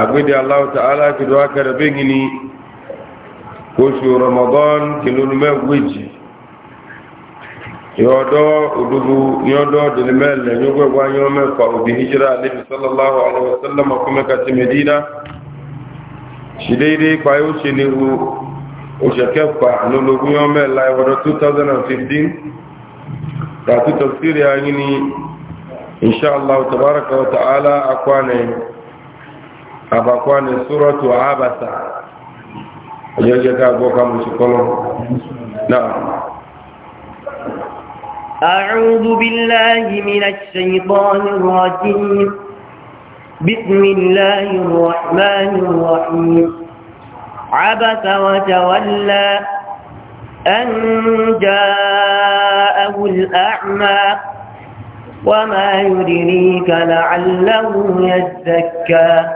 agbede aláwọ̀ tààlà kìdó akẹrẹ bẹ́ẹ̀ ni oṣù ramadan kìlónú mẹ́gbẹ́jì yọ̀ọ́dọ́ òdòdó yọ̀ọ́dọ́ dìlímẹ́lẹ̀ yọ̀gbẹ́gbà yọ̀ mẹ́fà òbí hijira alẹ́bi sallallahu alayhi wa sallam akọ́mẹ́ka ti medina ṣìdéédé payó ṣe ni wo oṣù kẹfà lọ́lọ́gbọ́n yọ̀ mẹ́la ìwọ̀dọ̀ 2015 tàbí tọ́sírì ayé ni إن شاء الله تبارك وتعالى أكواني أبكواني سورة عبسة أجلتها أبوك مشكله نعم أعوذ بالله من الشيطان الرجيم بسم الله الرحمن الرحيم عبس وتولى أن جاءه الأعمى وما يدريك لعله يزكى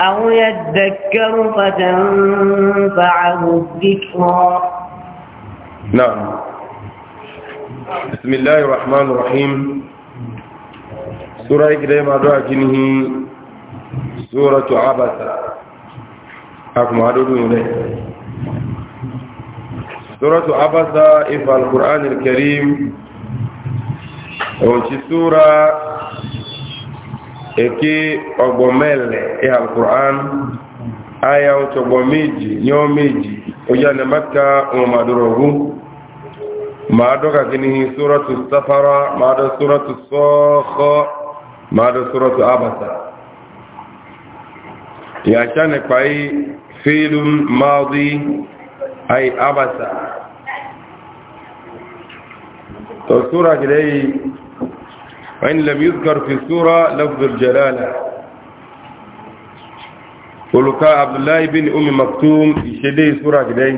أو يذكر فتنفعه الذكرى نعم بسم الله الرحمن الرحيم سورة إكريم أدوى جنه سورة عبسة أكم أدوى إليه سورة عبسة إفا القرآن الكريم ọ̀nṣì súra èké ọgbọ̀mẹ́lẹ̀ ẹ̀ e alkùrán ayá ọ̀tọ̀gbọ̀ méjì yọ́ méjì ojá ní mẹ́ta wọn màdúrọ̀gún máa dọ́ka kí ní súra tó sáfárá máa dọ́ súra tó sọ́ọ́kọ́ máa dọ́ súra tó abasa yàtá nípa yìí fílùm máa rí ayé abasa to sura gidai wani lam yuzkar fi sura lafzul jalala uluka abdullahi bin umi maktum ishe dai sura gidai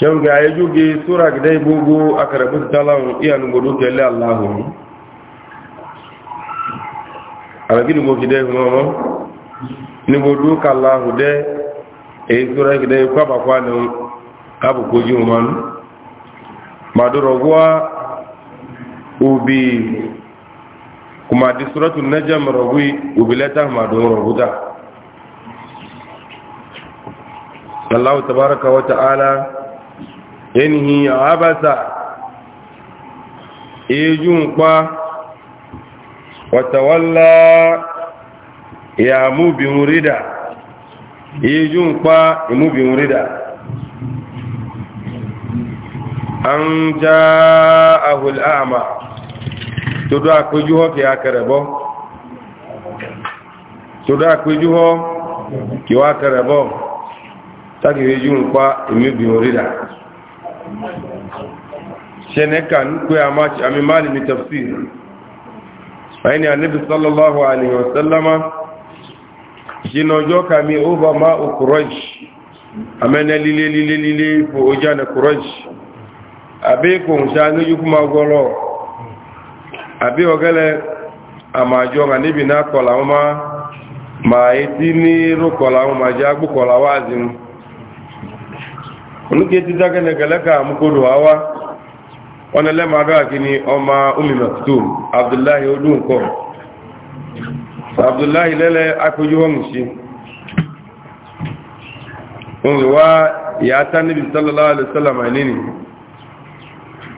shan ga ya juge sura gidai bugu a karabin talan iya nugudu kele allahu alagini go gidai mama nugudu kallahu dai e sura gidai kwabakwanin abu kogin manu madurogwa ubi kuma di suratu najam rogwi ubileta madurogwa Allah tabaraka wa ta'ala yanhi abasa ejun pa watawalla ya mubi rida ejun pa imubin rida an ja ahul ama todo akpejuho ki akarebo todo akpejuho ki wa akarebo taki reju npa emi bi orira seneka nkwe amachi ami mali mi tafsir aini anabi sallallahu alaihi wasallama jinojo kami uba ma ukuraj amena lile lile lile fo ojana kuraj abe kòhùnṣà ní yíkúmá gọ́lọ̀ abe ọ̀gẹ́lẹ̀ àmàjọ àníbì náà kọ̀lá wọn máa máa etí ní rókọ̀lá wọn máa jẹ́ kola wá àzín oníkẹ́ ti dákẹ́nẹ̀gẹ́lẹ́kà àmúkòdò àwá wọn lẹ́màdọ́ àkíní ọmọ omi mẹ́tùtù abdullahi olóńkọ́ abdullahi lẹ́lẹ́ akójú wọn ṣe òun wá ìyá tánibì sallallahu alaihi wasallam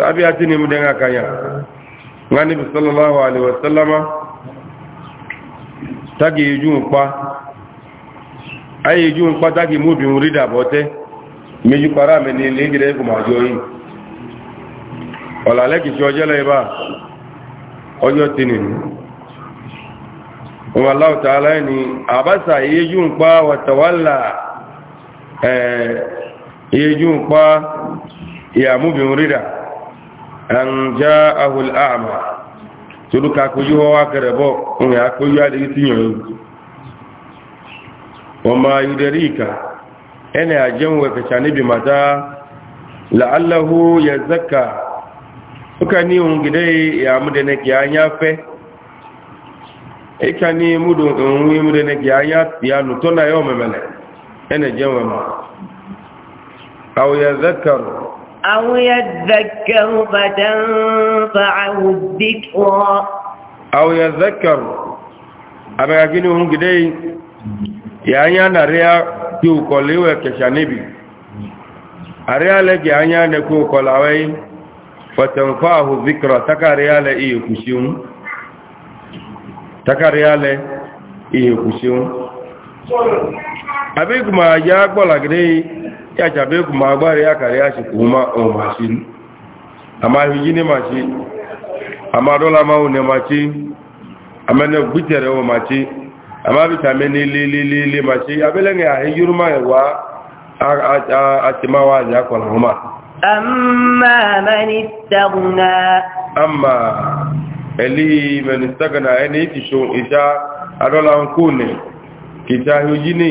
abi ati ni mudenga kanya ngani bi sallallahu alaihi wasallama tagi yuju pa ayi yuju pa tagi mu bi murida bote meju para me ni le gire ko majo yi ola le ki joje le ba ojo tini wallahu ta'ala ni abasa yuju pa wa tawalla eh yuju pa ya mu bi murida an ja'ahu al'ama tulu ka koju wa kare bo un ya koju ya digi tinyo wa ma yudarika ana ajan wa ka chani bi mata la'allahu yazakka suka ni un gidai ya mu da ne ya nya fe ika ni mu do un mu da ne ya nya ya nu to na yo memele ene jenwa ma aw yazakkaru أو يذكر فتنفعه الذكرى أو يذكر أما يجينهم قدي يعني أنا ريا كيو كولي وكشانيبي أريا لك يعني أنا كيو كولاوي فتنفعه الذكرى تكا ريا لإيه كشيوم تكا ريا لإيه كشيوم أبيك ما جاء قولا قدي yacha be ku ma gbari ya kare ya shi kuma o mashin amma hiji ne mashi amma dola ma ne mashi amma ne gbitere o mashi amma bi tame ni li li li li mashi abele ne hiji ruma e wa a ti ma wa ja kwala huma amma man istagna amma eli man istagna eni ti so isha adola nkune kita hiji ne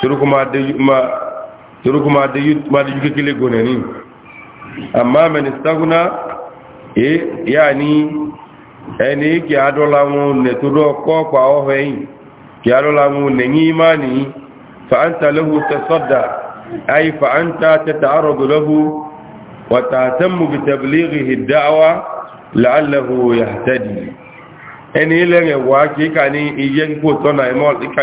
turuku ma da yuke kile gonani amma menistaguna e ya ni ẹni kí a dọ́la wọn lè tó dọ́ kọ́ pa ọ́fẹ́ yìí kí a dọ́la wọn lè ní ìmá ní fa'anta lẹ́hu tẹ́sọ́dà ayi fa'anta tẹ́ta arọ̀dọ̀ lẹ́hu wata tẹ́mù bí tẹ́bìlì hìdáwà la'allahu ya tẹ́dì ẹni ilẹ̀ rẹ̀ wá kí ká ní iye kíkò tọ́nà ìmọ̀ ìkà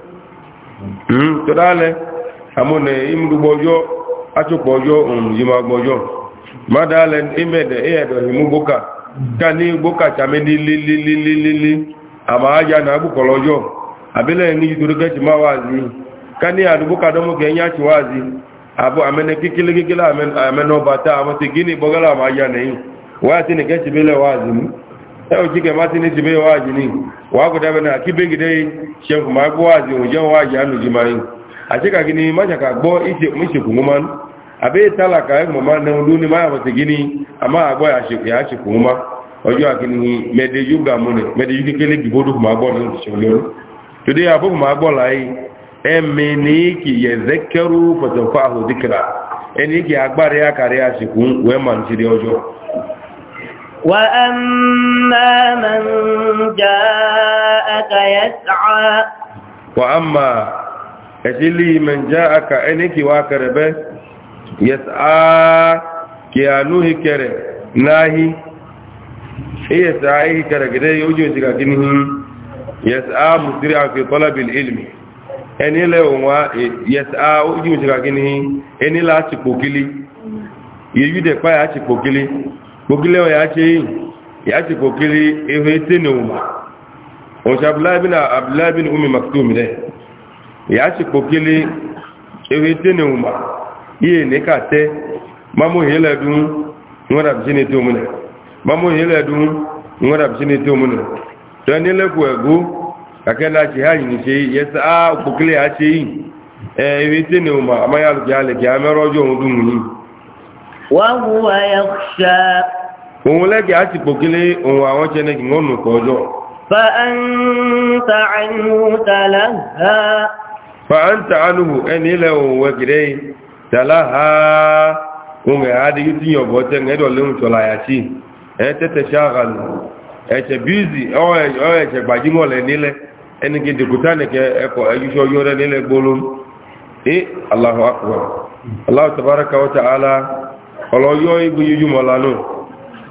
Hmm? tọ́dá alẹ́ àmúnẹ̀ ìmúdúgbọ́jọ́ atsopọ̀jọ́ òun yìí máa gbọ́jọ́ má dá alẹ́ ìmẹ̀dẹ̀ ìyẹ̀dọ̀ ìmú gbókà ká ní gbókà tàmí ní lílílílílí àmà ájá náà gbùkọ̀lọ́jọ́ àbílẹ̀ ní ìtorí kẹ́tì máa wá sí ká ní àdúgbókà dọ́mọ́kẹ́ ẹ̀yìn àti wá sí àbọ̀ àmẹ́nẹ kékeré kékeré àmẹ́nà bàtà àmọ́ yau kike ma a jibe waji ni wa guda bana kibe a shen kuma go waji o jan waji a cika gini ma ka gbo ise mu shi kunguman abe talaka e na ndu ni ma ba ti gini a ya shi ya shi kunguma ojo akini mede yuga mune mede yuga kele ma gbo ni shi lo today abu ma gbo lai emme ki yezekkeru fa tafahu dhikra eni ki agbare ya kare ya shi kun we وأما من جاءك يسعى وأما أجلي من جاءك أنك واكرب يسعى كيانوه كره ناهي هي سعيه كره كده يوجد سكاكنه يسعى مسرع في طلب العلم ẹni lẹ́wọ̀nwá yẹsà ojú ìṣẹ́gbàgíní ẹni láti pòkílé yíyú dẹ̀ páyà ti pòkílé kokile o ya ce ya ce kokile ehe tene uma o sha blabin ablabin ummi maktum ne ya ce kokile ehe tene uma iye ne ka te mamu heladun nwara bisini to mun mamu heladun nwara bisini to mun to ne le ku ego akela ji ha yi se yesa a kokile ya ce yi ehe tene uma amaya lu ya le ya mero jo dun ni wa huwa yakhsha òun lẹ́gẹ̀ẹ́ á ti pòkílé òun àwọn jẹ́nẹ́gì wọ́n nù kọjọ́ fa'anta anuhu ẹni ilẹ̀ òun wẹ́gẹ̀rẹ́ tàláhà ohun ẹ̀há di yóò tíyàn bọ́ tẹ́ ẹ̀dọ̀ ya tọ́lá àyàtí ẹ tẹ́tẹ̀ ṣáàrànù ẹ̀ṣẹ̀ bíìzì ọ̀ẹ̀ṣẹ̀ gbajúmọ̀lẹ̀ nílẹ̀ ẹni gidi kùtánìkẹ́ ẹkọ̀ ẹ̀yúṣọ́ yóò rẹ̀ nílẹ̀ gbólóhùn ní aláhùn akọ̀wọ̀ aláhùn tàbárakà alá ọlọ́yọ́ náà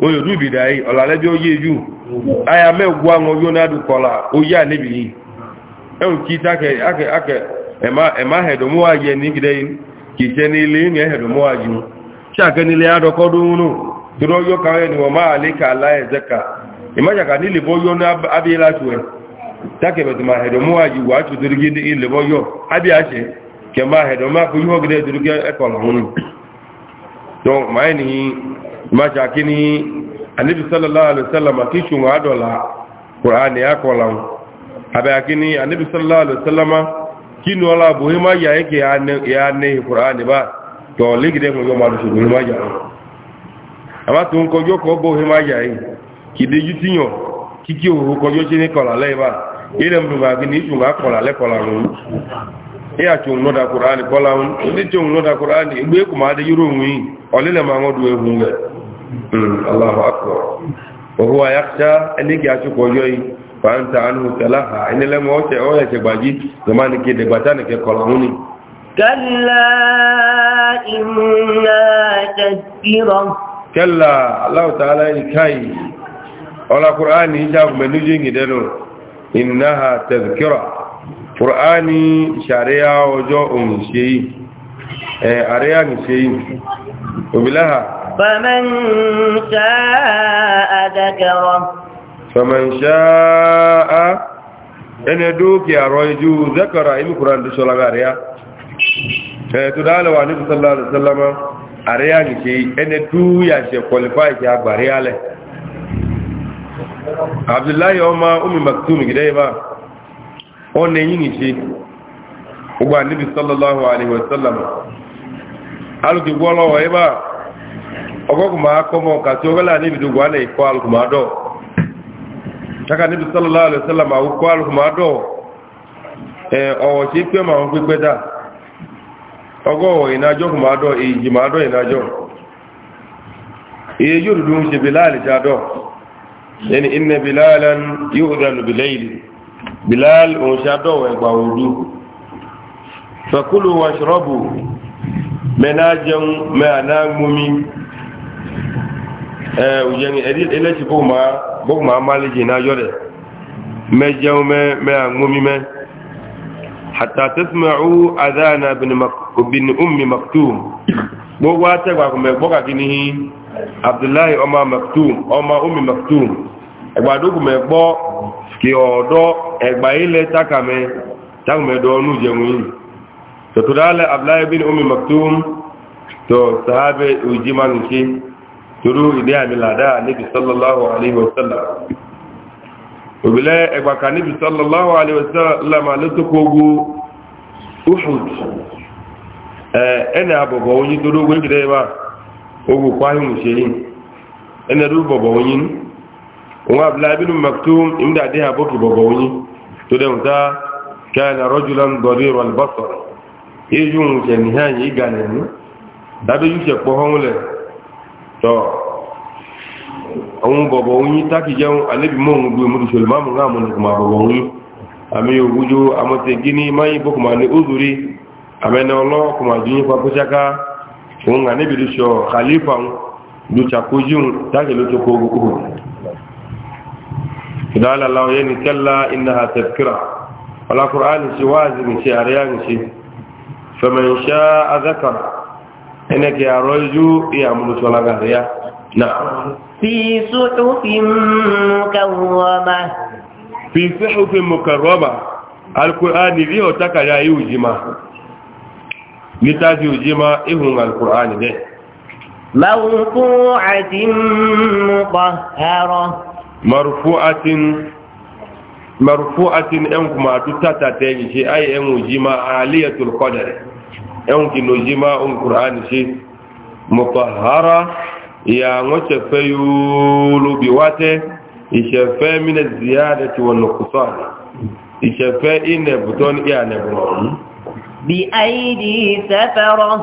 onye rubi da anyị ọlalebi oye eju aya me anwụ oyi onye adụkọla oyi a nebighi enwuke ite aka ema hedomoaji nigide ka ite n'ile ịnụ ehedomoaji chiaka niile ya dọkọdụ unu dụrụ oyi ụka onye nwe ala ka ala e e ka ịmaja ka n'ile bụ oyi onye abịala tue taka emetụ ma hedomoaji wee ihe maja kini anabi sallallahu alaihi wasallam akishu ngadola qur'ani akola abe akini anabi sallallahu alaihi wasallam kinu wala buhima ya yake ya ne qur'ani ba to ligide ko yo malu shugo maja ama tun ko yo ko buhima ya yi kide yutinyo kiki o ko yo chini kola le ba ile mdu ba kini chu kola le kola ru iya chu no da qur'ani kola un ni no da qur'ani igbe kuma de yuru nwi olile ma Hmm, Allahu akbar. Òhun àyàkṣá ẹnìkì àṣùkọ̀ ọjọ́ yìí, fàáńtà àánú tẹ̀láhà, ẹnilẹ́mọ̀ ọ̀ṣẹ̀ ọ̀rẹ̀ ṣẹgbàjí, lọ́mọ́ ní kéde gbàtà nìkẹ́ kọlọ̀hún ni. Kẹ́lá ìmúná tẹ̀síra. Kẹ́lá Allahu ta'ala ìkáyì, ọlá Kùránì ìṣàkùnmẹ̀ níjú ìgìdẹ́nu, ìnáhà tẹ̀síkírà. Kùránì ṣàríyá ọjọ́ òun فمن شاء ذكره فمن شاء ene duki a roju zakara imi kuran da shola gariya eh to dala wa nabi sallallahu alaihi wasallam ariya ni ke ene du ya se qualify ki agbariya le abdullahi oma ummi maktum gidai ba on ne yin ce ugba nabi sallallahu alaihi wasallam alu ki gwolo wa ba ọgọ́gùnmá kọmọ kàtí ọgọ́lá níbi dùgbà lè kọ́ alùkùnmádọ́ ṣaka níbi sọ́lọ́lá alẹ́sọ́lọ́mà kọ́ alùkùnmádọ́ ọ̀wọ̀ ṣe pé ma ń pípẹ́ dà ọgọ́wọ̀ ìnájọ́ kùnmádọ́ ìjìmádọ́ ìnájọ́ iye yóò dúdú ń ṣe bilal jádọ́ yẹni inna bilalan yóò dánù bilayli bilal òun ṣádọ́ ẹgbà òdu fakulu wa ṣrọ́bù mẹ́ná jẹun mẹ́ ee ujengi elechi bụg ma amali ji na yore meje ume me amumime hatta tasma'u ummi maktum gbogbo ategba kume gboka abdullahi ọma maktum ọma ummi maktum ẹgbàdókùnmẹ gbọ́ kí ọ̀dọ́ ẹgbà ilẹ̀ takàmẹ takùnmẹ̀dọ́ ọ̀nù bin to uji toro ìdí àmì làdá níbi sallallahu alaihi wasallam òbílẹ̀ ẹgbàkà níbi sallallahu alaihi wasallam alẹ́sọ́kọ́gbó uhud ẹnà àbọ̀bọ̀ oyin toro ogun ìgbìdẹ̀ ìwà ogun kwahim ṣe yìí ẹnà rú bọ̀bọ̀ oyin wọn abdullahi bin maktum inda dé àbọ̀kì bọ̀bọ̀ oyin tó dẹ̀ ta kẹ́ẹ̀nà tọ́ ohun bọ̀bọ̀ oyin tákì jẹun alébì mọ́ ohun gbé múlù ṣòlù máàmù náà mọ́nà kùmà bọ̀bọ̀ oyin àmì ògújó àmọ́tẹ̀gí ní máyín bọ́kùmà ní òzúrí àmẹ́nà ọlọ́kùmà jíyìn papọ́sáká òun àníbì ló ṣọ khalifa ló ṣàkójíun tákì ló tókó gbogbo ìdálàlá ọyẹ́ ni kẹ́lá iná àtẹ̀kìrà ọlákùnrin ṣe wáàzì ní ṣe àríyá ní ṣe fẹ̀mẹ̀ ń ṣá azákàrà ẹnẹ́kẹ̀ àrọ ijú ìyàmúlùsọ́lága rẹ̀ fi suhufin mukarrama fi suhufin mukarrama alkur'ani rí ọ̀tá kàrí ayé òjìmá lítàfi òjìmá ihun alkur'ani rẹ̀ marfu'atin mutahhara marfu'atin marfu'atin ẹnkùnmọ̀ àdútàtà tẹ́yìn ṣe ayé ẹ̀wọ̀n òjìmá àlẹ́yẹ̀tùl qadar ẹun kì ló yí máa ń kùrán ṣe mọ̀kànlára ìyà wọ́n ṣẹ̀fẹ́ yóò lóbi wá tẹ́ ìṣẹ̀fẹ́ mílẹ̀ ziyáàdẹ̀ tí wọ́n lọ́kùsọ́ ìṣẹ̀fẹ́ inẹ̀bùtọ́ ní ìyànẹ̀bùrọ̀ ọ̀hún. bí àìdí sẹ́fẹ̀rọ̀.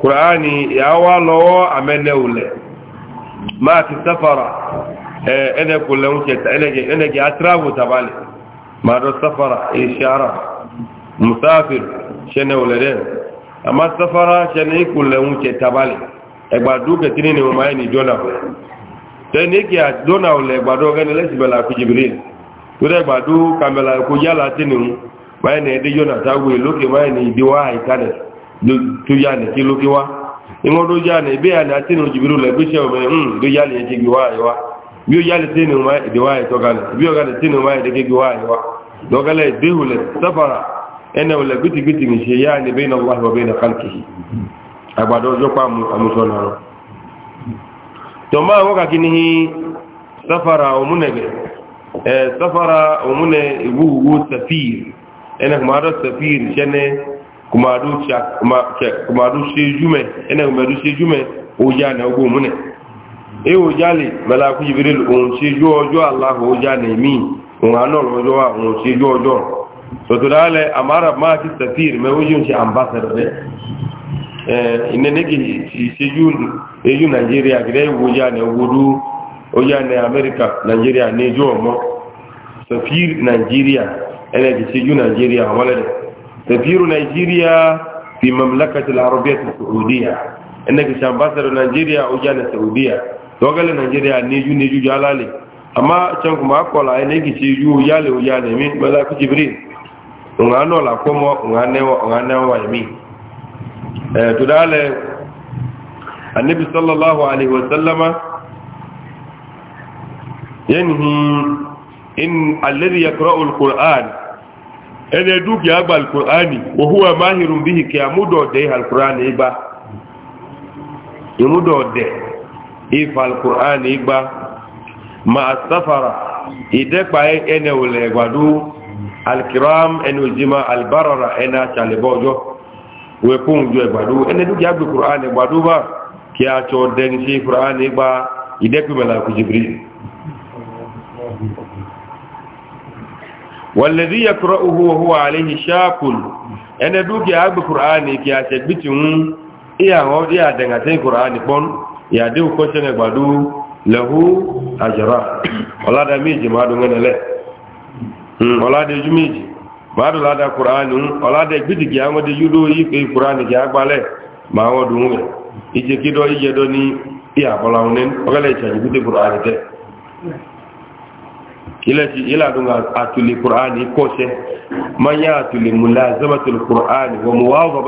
kùrán ìyà wá lọ́wọ́ àmẹ́nẹ́wùlẹ̀ máa ti sẹ́fẹ̀rà ẹnẹ́kùnlẹ̀ ń ṣẹ̀ta ẹnẹ́gẹ̀ ama safara tsɛnɛ iku lɛ ŋu tsɛ tabali ɛgbadu kɛtini ni mo ma yi ni dɔna o tɛ ne kia dɔna o lɛ ɛgbadu o kɛnɛ lɛ sibɛ la ko jibiri to dɛ ɛgbadu kamɛla ko yala ti ni ŋu ma yi ni ɛdi yɔna ta wuli lókè ma yi ni di wa ayi ka dɛ to ya ni ti lókè wa iŋɔ do ya ni ebe ya ni ati ni jibiri lɛ ebi sɛ o mɛ hum do ya ni eti gbi wa ayi wa bi o ya ni ti ni ma di wa ayi tɔ ka ni bi o ka ni ti ni ma yi di gbi wa ayi wa dɔgɔlɛ ẹnna wòle gbitigbiti ní ṣe yáa ní bẹ́ẹ̀ náà wáhìí wọ́n bẹ́ẹ̀ náà kálukì àgbàdo ọjọ́ àmúṣọ náà tọ́mọ́ àwọn kàkí ní sáfara òmùnẹ̀gẹ̀ sáfara òmùnẹ̀ ìwúwo safir ẹnna kùmàdó safir ṣẹ́nẹ́ kùmàdó ṣejúmẹ̀ ẹnna kùmàdó ṣejúmẹ̀ ọjà náà ọgbọ́ òmùnẹ̀ aláhùn sotolale amara ma ki safir me wujun ci ambassador de eh? eh ine ne ki nigeria gre wuja ne wudu oja ne america nigeria ne jomo safir nigeria ene ki nigeria wala de safiru nigeria fi mamlakat al arabiyyah Saudiya, saudiyya ene ki nigeria oja ne saudiya dogale nigeria neju neju ne ju jalale amma can kuma akola ene ki ci ju yale o yale mi malaiku jibril nga no la komo nga ne nga ne wa mi eh to dale annabi sallallahu alaihi wasallama yanhi in alladhi yaqra'u alquran ene duki agba alqurani wa huwa mahirun bihi kiamudo de alqurani iba imudo de ifa alqurani iba ma safara idepa ene ole gbadu alikiram ẹni òjìmá alibarara ẹni àtàlẹbọ ọjọ wẹkùn ju ẹgbàdo ẹni dúkìá gbé kùránì gbàdo bá kí a tọ dẹni sí kùránì gba ìdẹ́kùmẹ̀lá kù jìbìrì wàlẹ̀dí yẹ kúrọ̀ uhu wọ̀ wà àlẹ́yìn ṣáàkùn ẹni dúkìá gbé kùránì kí a tẹ gbìtì ń ìyàwó ìyà dẹ̀ngàtẹ́ kùránì pọ́n ìyàdé òkọ́ṣẹ́ gbàdo lẹ́hu àjọra ọ̀làdàmí ìjìmá dùn ẹni ọ̀làdé ojú méjì bàdù ládà kùránì ń ọ̀làdé gbìdìgì àwọn ọdẹ yúdó ìpè kùránì kì á gbalẹ̀ máa wọ́n dùn rẹ̀ ìjẹkídọ́ ìjẹdọ́ ní ìyàbọ̀lá ọ̀nẹ́ ọ̀gẹ́lẹ̀ ìṣàjì gbìdì kùránì tẹ́ ilẹ̀tì ìlàdùn àtùlẹ̀ kùránì kọ́ṣẹ́ mọ́nyá atule múlá zẹ́mẹ̀tùlẹ̀ manya wọ́n mú wáwọ́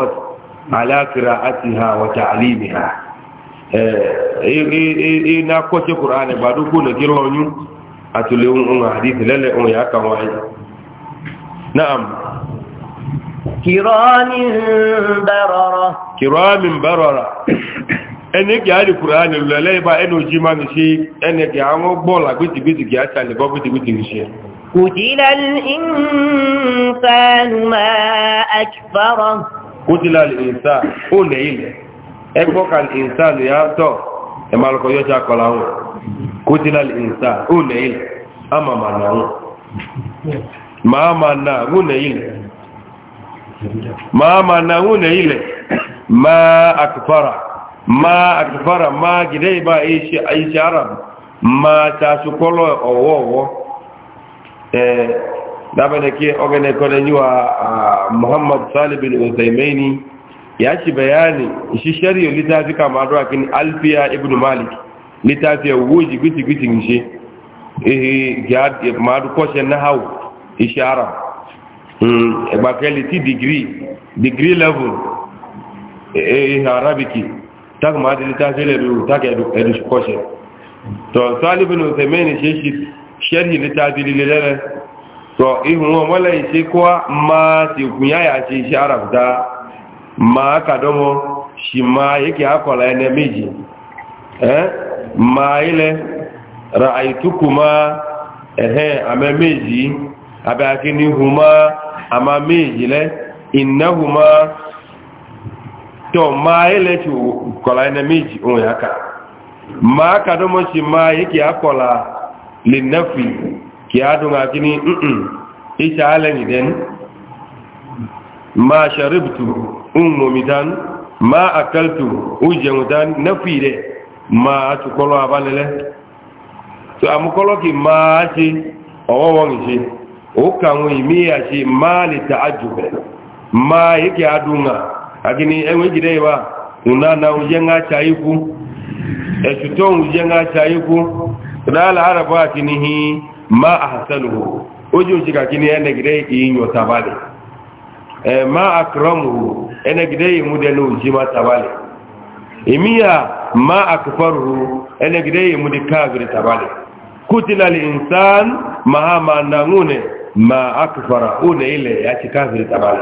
ha ha atule un hadithi lele un ya kan wai na'am kiramin barara kiramin barara ene ki ali qur'an lele ba eno jima mi si ene ki awon gbola gbiti gbiti ki ata le bo gbiti gbiti mi si قتل الإنسان ما أكفره قتل الإنسان قل إلي أكبر kutila al-insa une ile ama manao mama na une ile mama na une ile ma akfara ma akfara ma gidaiba aishi aishi arab ma ta sukolo owowo eh dabane ke ogene ne nyuwa muhammad salib bin uthaymaini ya ci bayani shi shari'a littafi kama adwa kin alfiya ibn malik litafi ya wuji gwiti gwiti nshi ehe ga maadu kɔsɛ nahaw ishara hmm gbakɛli ti digiri digiri level ehe e, arabiki tak maadu litafi le do tak edu edu kɔsɛ tɔ sali bin usaimin shi shi sharhi litafi lilere tɔ ihun wɔn wala ishe kowa ma ti kunya ya ce ishara fita ma ka dɔmɔ shi ma yake akɔla ɛnɛ meji eh ma ile ra'aitukuma ehe ama meji abe ma huma ama meji le innahuma to ma ile ti kola ina meji on yaka ma ka do mo si ma yiki akola linafi ki adun akini mm isha aleni den ma sharibtu ummumitan ma akaltu ujemutan nafi de máa atukɔlɔ abalẹlɛ tó amukɔlɔ kì a ṣe ɔwɔwɔ ń ṣe ó kàwọn ìmí àṣe máa lè ta àjùbẹ máa yékè adùnà àkíní ẹwọn ìjìdẹ yìí wa ŋùnánà yi ńlá ṣe àyíkú ẹsùtọ òjẹ ńlá ṣe àyíkú rálá àràbọ àkíní hìn máa àhàsẹnu wò ojú òṣì kàkíní ẹnẹgìdẹ ìyìnyọ tabalẹ ẹ máa àkàrọmù ẹnẹgìdẹ ìmúdẹ ní òjì máa tabalẹ. imiya ma akfaruhu enegide yemudi kafiri tabale kutila linsan mahama nangune ma akfara une ile yachi kafiri tabale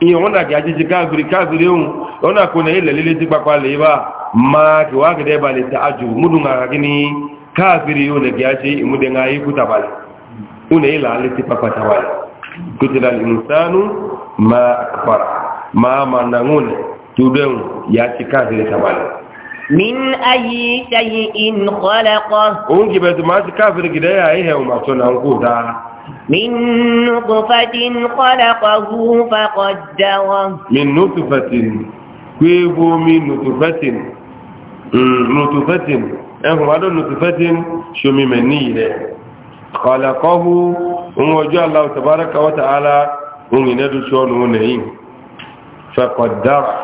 iyo ona ki achichi kafiri kafiri un ona kune ile lile tikpakwale iba ma kiwakide bale taajubu mudunga kakini kafiri une kiachi imude ngayi kutabale une ile alitikpakwa tabale kutila linsanu ma akfara mahama nangune تودن يا تكافر سبحانه من أي شيء خلقه أنك بس ما تكافر كده يا إيه وما تنقودا من نطفة خلقه فقدره من نطفة كيف من نطفة نطفة ẹ̀hùn wádọ́ nùtùfẹ́tín ṣomimẹ̀ ní ilẹ̀ kọlẹ̀kọ́hù ohun ọjọ́ aláwọ̀ tàbárakà wata ala ohun ìnẹ́dùsọ́nù nẹ̀yìn fẹ́kọ̀dára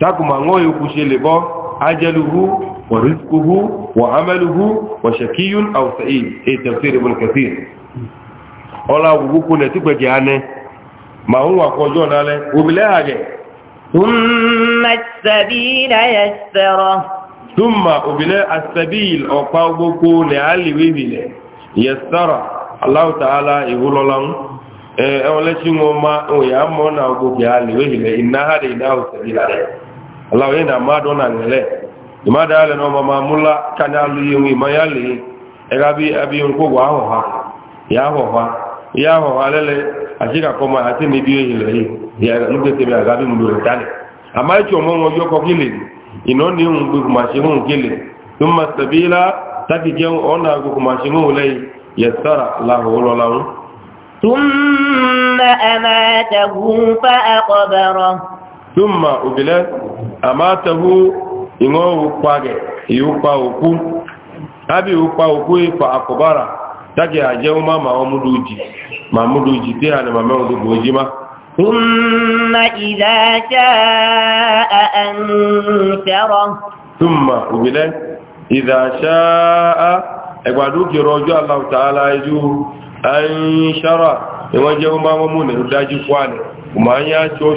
takuma ngoyo kushele bo ajaluhu wa rizquhu wa amaluhu wa shakiyun aw sa'id e tafsir ibn kathir ola wuku ne ti gbeje ane ma hun wa kojo nale obile haje thumma as-sabil yassara thumma obile as-sabil o pa gbogbo ne ali wibile yassara allah ta'ala ihulolan e eh, o le ti ngoma o ya mo na gbogbo ali wibile inna hada ila sabila ala onye na-ama adọ na nlele mmadụ ala na ọmama mụla ka na-alụghị enwe ma ya lee ịgabị abịghị nkwụgwọ ahụha ya ahụha ya ahụha lele achịka kọma ha tị na ibi oyi lee ya nukwete ya agabị mgbere tani ama ichi ọmọ nwe gị ọkọ gịlị ịnọ na enwe mgbe kumachi ọ na agụ kumachi nwụ lee ya sara lahụ ثم أماته فأقبره thumma ubile amatahu ingo ukwage iupa uku abi upa uku ifa akubara take aje uma ma omuduji ma muduji te ma mudu gojima thumma idha jaa antara thumma ubile idha shaa egwadu kirojo allah ta'ala ju anshara ingo je uma mu ne udaju kwane kuma cho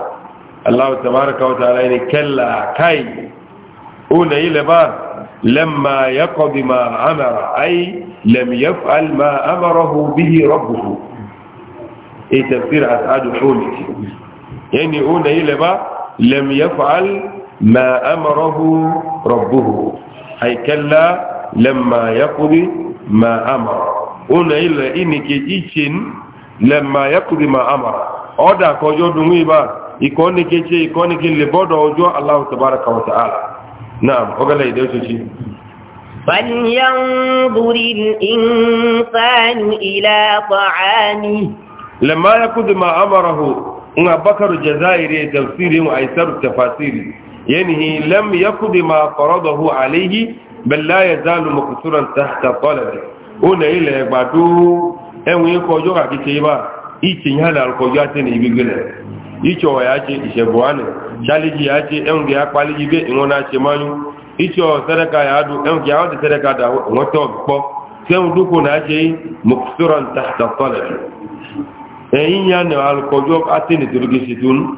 Allah tabaraka wa ta'ala ni kalla kai una ile ba lamma yaqdi ma amara ay lam yaf'al ma amarahu bihi rabbuhu e tafsir as'ad hulik yani una ile ba lam yaf'al ma amarahu rabbuhu ay kalla lamma yaqdi ma amara una ile inike ichin lamma yaqdi ma amara oda ko jodun iba ikoni ke ce ikoni ke libodo ojo Allah tabaraka wa ta'ala na'am ogala idan su ci فلينظر الإنسان إلى طعامه لما يكد ما أمره أن بكر الجزائري تفسيري وأيسر التفاسير ينهي لم يكد ما فرضه عليه بل لا يزال مكسورا تحت طلبه هنا إلى بعدو أن يكوجو كتيبا إيتي هذا الكوجات يبيغله icho ya ce ishe buwane shaliji ya ce yan ga ya kwaliji be in wani ce manu icho sadaka ya hadu yan ga wanda sadaka da wata kpo sai duku na ce muksuran tahta talabi e in ya ne alkojo atini turgisi tun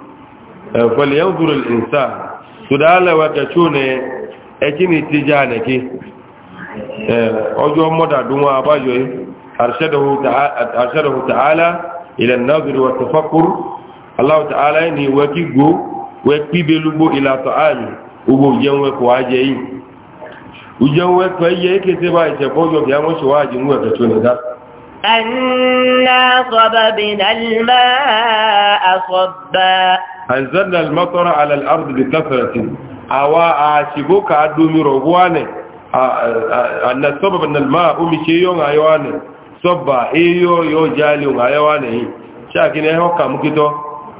e falyanzur al-insan sudala wa kachune ekini tijane ki e ojo moda dunwa abajo arshadahu ta'ala ila an-nazr wa tafakkur aláwọ̀ tààlá ní wẹ́ kí gbó wẹ́ píbe lúgbó ìlàtọ̀ àmì gbogbo ìjẹun ẹkọ̀ ajẹ́ yìí ìjẹun ẹkọ̀ ẹyẹ kété bá ìṣẹ̀kọ́jọ kí a mọ́ ṣe wáàjì mú ẹ̀kẹ́ tó nìdá أنزلنا المطر على الأرض بكثرة أو أشبوك أدومي رواني أن السبب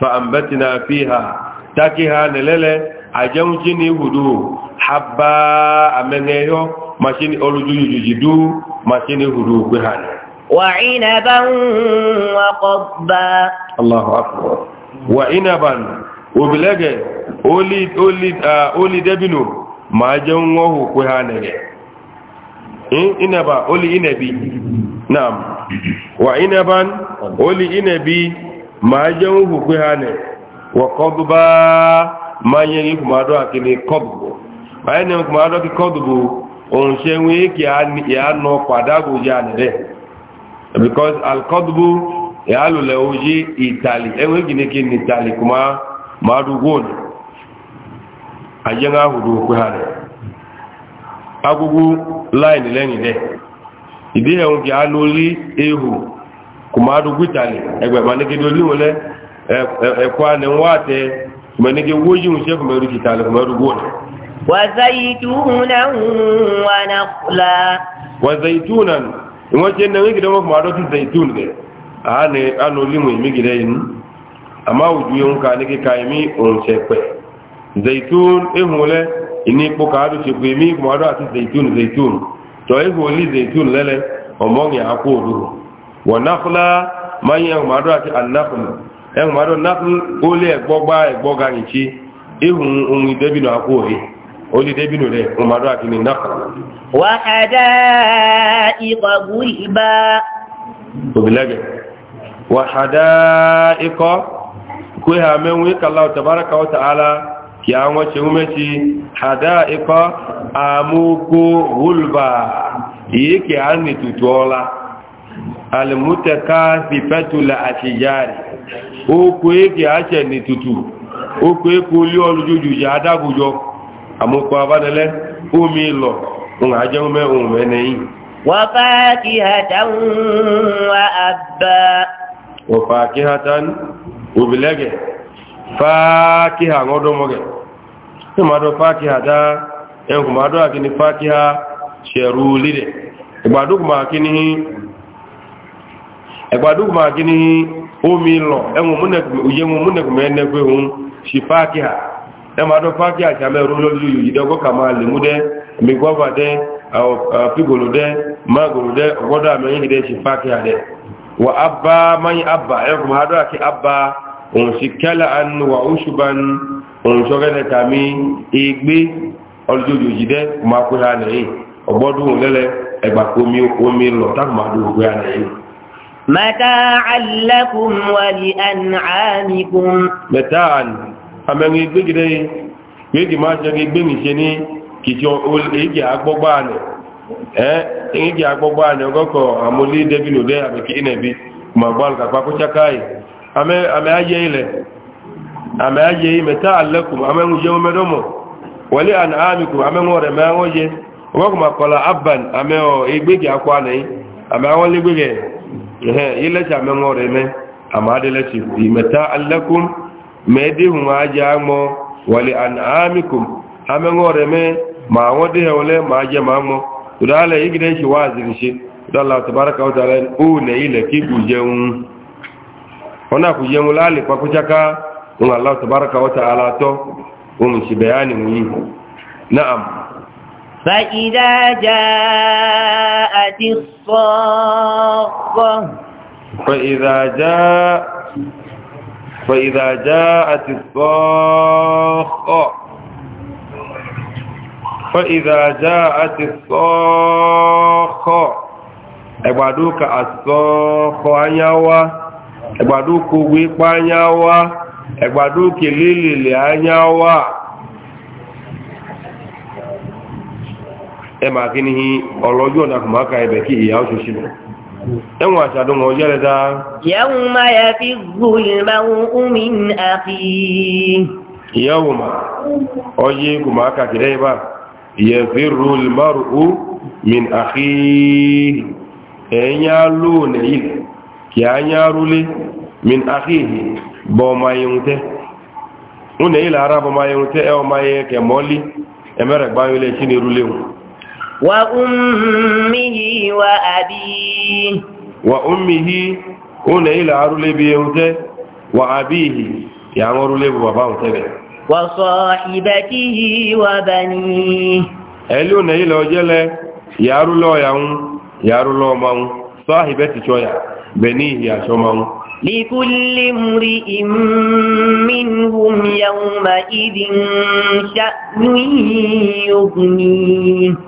فأنبتنا فيها تاكيها نللي أجاو جيني هدو حبا أمنيو ماشيني أولو جيجيجدو ماشيني هدو بهاني وعنبا وقبا الله أكبر وعنبا وبلغي أولي, أولي, أولي دبنو ما جنوه بهاني إنبا أولي إنبي نعم وعنبا أولي إنبي ma jẹ́ ń hùkwé ha nẹ̀ wọ̀ kọ́bù ma yẹ kí kùmàdọ́ ma ní kùmàdọ́ kí kọ́bù òun ṣe ń wé kí yà á nọ pàdágò jẹ́ ànìrẹ̀ because alkọ́bù yà á lòlẹ̀ ojú ìtàlì kí ìtàlì ha láì nílẹ̀ nílẹ̀ ìdí lórí kumadu gwitali egbe manike doli wole ekwa ne wate manike woji unse kumeru kitali kumeru gwona wazaitunan wa naqla wazaitunan inwa chenne wiki domo kumadu tu zaitun de kumadu ati zaitun zaitun to zaitun lele wanakula manyi ẹgbàdọ́ àti annakulu ẹgbàdọ́ nakul ó lé ẹgbọ́gbá ẹgbọ́gá nìkí ihun ohun ìdẹ́bìnà àkó rí ó lé dẹ́bìnà rẹ̀ ẹgbàdọ́ àti ní nakul. wà á dá ikọ̀ gúlìbá. òbílẹ́gẹ̀ wà á dá ikọ̀ kó ha mẹ́wọ́n kàlá ọ̀tàbára ikọ̀ yìí kì á alimutaka fipẹtula asijari oku eke aṣẹ ni tutu oku eke olú ọlójújú ya adágúnjọ àmúkọ abánilẹ omi lọ ohun ajẹun mẹ ohun ẹnẹyìn. wa hàtàn wà àbá. wàfáàkì hàtàn òbílẹ́gẹ̀ fáàkì hà ń ọdọ́mọgẹ̀ ṣé màá dọ fáàkì hàtà paaki màá dọ àkíní fáàkì hà ṣẹ̀rù lílẹ̀ ìgbàdókùnmá àkíní. ẹgbàdúgbò máa kí omi lọ ẹwọn múnẹkùnmẹ ẹnẹgbẹ ohun ṣì páàkì à ẹmàdọ́ páàkì àti àmẹ́rú lórí ìdẹ́gbọ́ kà máa lè mú dẹ́ mẹgbọ́gbà dẹ́ pígòlò dẹ́ mágòlò dẹ́ ọgọ́dọ̀ àmẹ́yìn páàkì à wà ẹkùn máa dọ́ra kí òun sì kẹ́lẹ̀ àánú wà ó òun tàmí yìí máa kó متاعا لكم ولأنعامكم متاعا أما يجي يجي ما جاي يجي شني كيجو أول يجي أكبوبان eh yiji agbogbo anya ogoko amuli debinu de abeki inebi kuma gbal ka pa ko chakai ame ame aye ile ame aye meta alakum ame medomo wali an'amikum ame ngore me ngoje ogoko makola abban ame o igbegi akwa nei ame awon ehe ile cha me ngore me amade le chi imeta allakum mede hu aja mo wali an'amikum ame ngore me ma wode hewle ma aja ma mo tudale igide chi wazin shi dalla tabaraka wa taala u ne ile ki kujeun ona kujeun lale kwa kuchaka un allah tabaraka wa taala to un shi bayani mu yi na'am فإذا جاءت الصاخة فإذا جاء فإذا جاءت الصاخة فإذا جاءت الصاخة أبادوك الصاخة أنيوا أبادوك ويقا أنيوا أبادوك ليلي أنيوا ẹmà kí ní ọlọ́jọ́ náà kùnmọ́ ká ẹbẹ̀ kí ìyá oṣù ṣe ẹwọ̀n àṣàdùn wọn jẹ́ rẹ̀ dáa. yẹ́wù máa yẹ fi gbòòlùmọ́ omi àfi. ìyẹ́wù mà ọyẹ kùnmọ́ ká yìí bá yẹ fi a? ó min àfi ẹ̀yà lónìí yìí kì á rúlé min àfi bọ́ ọmọ tẹ́ ń وأمه وأبيه وأمه هنا إلى أرولي بيوته وأبيه يا أرولي بباباه تبع وصاحبته وبنيه ألو نيل وجل يا أرولي يا يا أرولي ماو صاحبتي شوية بنيه يا شو ماو لكل امرئ منهم يومئذ شأن يغنيه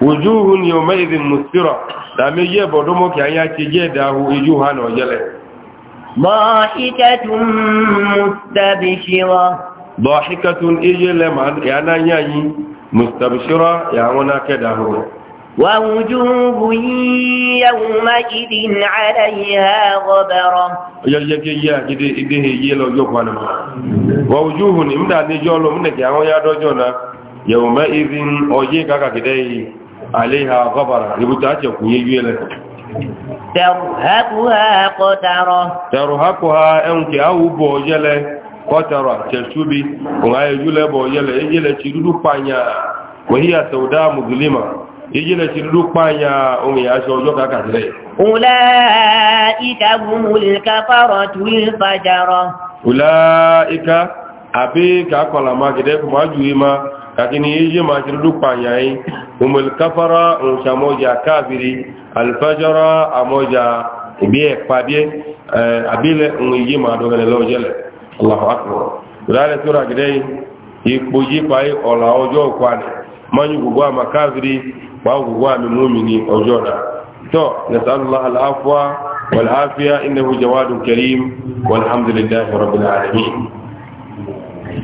wujuhun yawmaidhin musfira da me ye bodo mo kya ya ke je da hu wujuha no yele ضاحكة مستبشرة ضاحكة إجل من يانا يعني مستبشرة يعونا كده ووجوه يومئذ عليها غبرة يجيك يا إده يلو يقوانا ووجوه إمدى نجولو منك يعونا يا دوجونا yawma idhin oje kaka kidai alaiha ghabara ibuta ce kunye ha tarhaquha qatara tarhaquha anki au bojele qatara tashubi ngaye yule bojele yele chidudu panya wa sauda muzlima yele chidudu panya onye aso ojo kaka kidai abi ka kwala magide kuma ajuima lakini yeye majirudu panyai umul kafara unsha moja kafiri alfajara amoja biye kwabie eh, abile unyi madogele lojele Allahu akbar dale tura gidei ipoji pai ola ojo kwani manyu gugwa makafiri wa gugwa muumini ojoda to nasallallahu alafwa wal afiya innahu jawadun karim walhamdulillahi rabbil alamin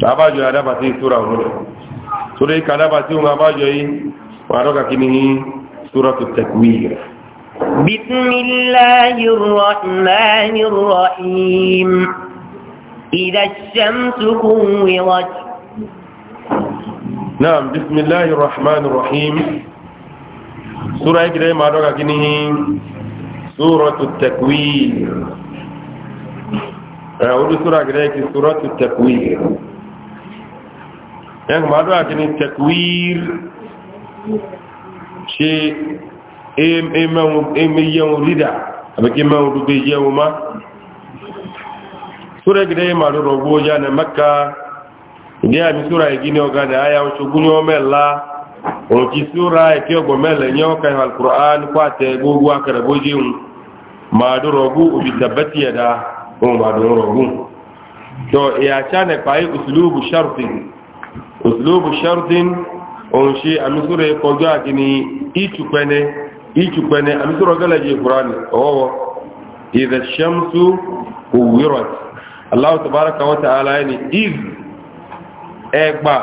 sabajo adaba ti sura umul سورة كلابة تيوم أبا وعروك كمين سورة التكوير بسم الله الرحمن الرحيم إذا الشمس كورت نعم بسم الله الرحمن الرحيم سورة كلابة معروك كمين سورة التكوير أعود سورة كلابة سورة التكوير yẹn kò máa ni àti ní tẹ̀kùwír ṣe emeyẹun lídà àbíkí mẹ́wọ́n dúgbé yẹun má súrẹ́ gidẹ́ yẹn máa dọ́rọ̀ gbó yá ní mẹ́ka ìdí àmì súra ìgí ní ọ̀gá ní àyà oṣogún ní ọmọ ẹ̀la òun ti súra ìkí ọgbọ̀n mẹ́lẹ̀ ní ọkà ìhà alukur'an kó àtẹ gbogbo akẹrẹbó jẹun máa dọ́rọ̀ gbó òsìlóòbù shartin òun ṣe àmìsúrò kọjú àkíní ìtùpẹ́ni ìtùpẹ́ni àmìsúrò gẹ́lẹ̀jì ìfúránì ọwọ́wọ́ ìdẹ̀ ṣẹ́mṣú òwúrọ̀t aláwọ̀ tàbárakà wọ́n tààlà ẹni ìz ẹgbà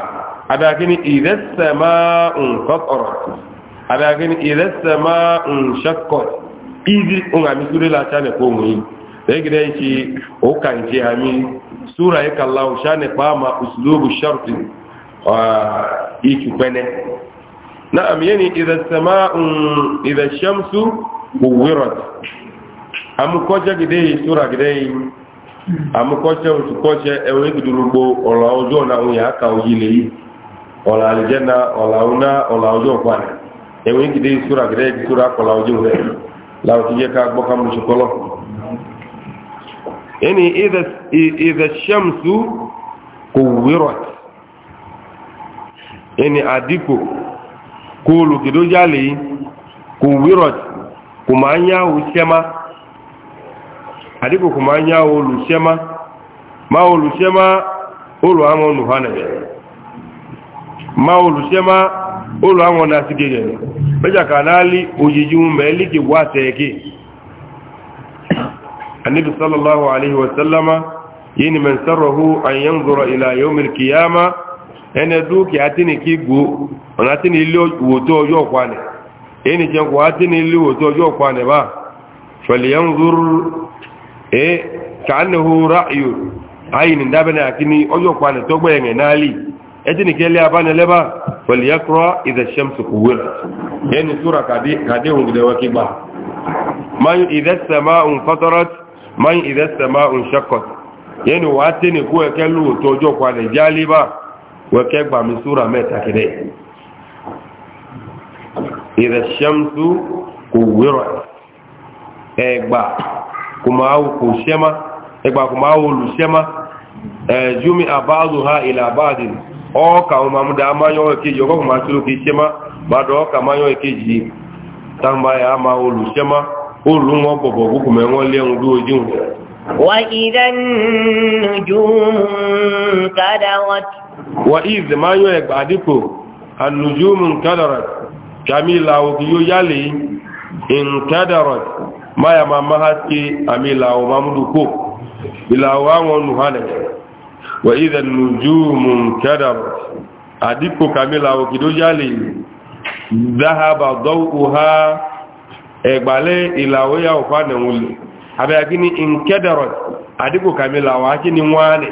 abẹ́akíní ìdẹ́sẹ̀má nkọ́tọ̀rọ̀ abẹ́akíní ìdẹ́sẹ̀má nṣẹ́kọ̀t ìdí òun àmìsúrò látàlẹ̀ fóun yìí lẹ́gidẹ́ ṣe ó kàǹjẹ́ àmì súra ẹ̀kà láwùṣánẹ̀ pàmà òsìlóòbù shartin ikipene naam yani idha samaa'un idha shamsu kuwirat amukocha gidei sura gidei amukocha utukocha ewe kidurugbo ola ojo na uya aka oyile yi ola aljanna ola una ola ojo kwane ewe gidei sura gidei sura kola ojo ne lawo tije ka gboka mushukolo yani idha idha shamsu kuwirat ẹni àdíkò kó olùkìdójálè yìí kò wírọ̀ kò máa ń yá olùṣẹ́má àdíkò kò máa ń yá olùṣẹ́má má olùṣẹ́má olùhámọ́ nùhánẹ̀ má olùṣẹ́má olùhámọ́ nàṣíkẹ̀ mẹ́jàkà náà lé òjìjú mẹ́líkì wá tẹ́ẹ̀kì النبي صلى الله عليه وسلم ين من سره أن ينظر إلى يوم القيامة ene duki atini kigu onatini ile woto ojo kwane eni je woto ojo kwane ya falyanzur e kanahu ra'yu ayin dabana akini ojo kwane to gbe yen nali etini kele abane leba falyaqra idha ash-shamsu kuwirat yani sura kadi kadi ungde wakiba man idha as-samaa'u fatarat man idha as-samaa'u wẹ́kẹ́ gbàmí súra mẹ́ta kìdẹ̀ ìrẹ̀ṣẹ́mtú kò wérọ̀ ẹgbà kò máa kò ṣẹ́má ẹgbà kò máa olù ṣẹ́má ẹ̀júmi àbáàlù ha ilẹ̀ àbáàdì ọkà ọmọ amúdá máyọ́ ẹ̀kejì ọkọ̀ kò máa tí ó kì í ṣẹ́má bàdọ̀ ọkà máyọ́ ẹ̀kejì tàmbáyà máa olù ṣẹ́má olù wọn bọ̀bọ̀ kúkù mẹ́wọ́n lẹ́hun dúró jíhùn وإذا النجوم كدرت wa وإذ ما يوك بعدكو النجوم انكدرت كميلا وكيو يالي انكدرت ما يما مهاتي أميلا ومامدكو بلا وانو wa وإذا النجوم انكدرت àdípò kàmílà òkìdó jálè dáhàbà dọ́wọ́ha ẹ̀gbàlẹ̀ ìlàwóyà òfánà wọlé àbẹ̀yàkí ni ìkẹ́dẹ̀rọ̀ àdípò kàmílà wà kí ni wọ́n á nìí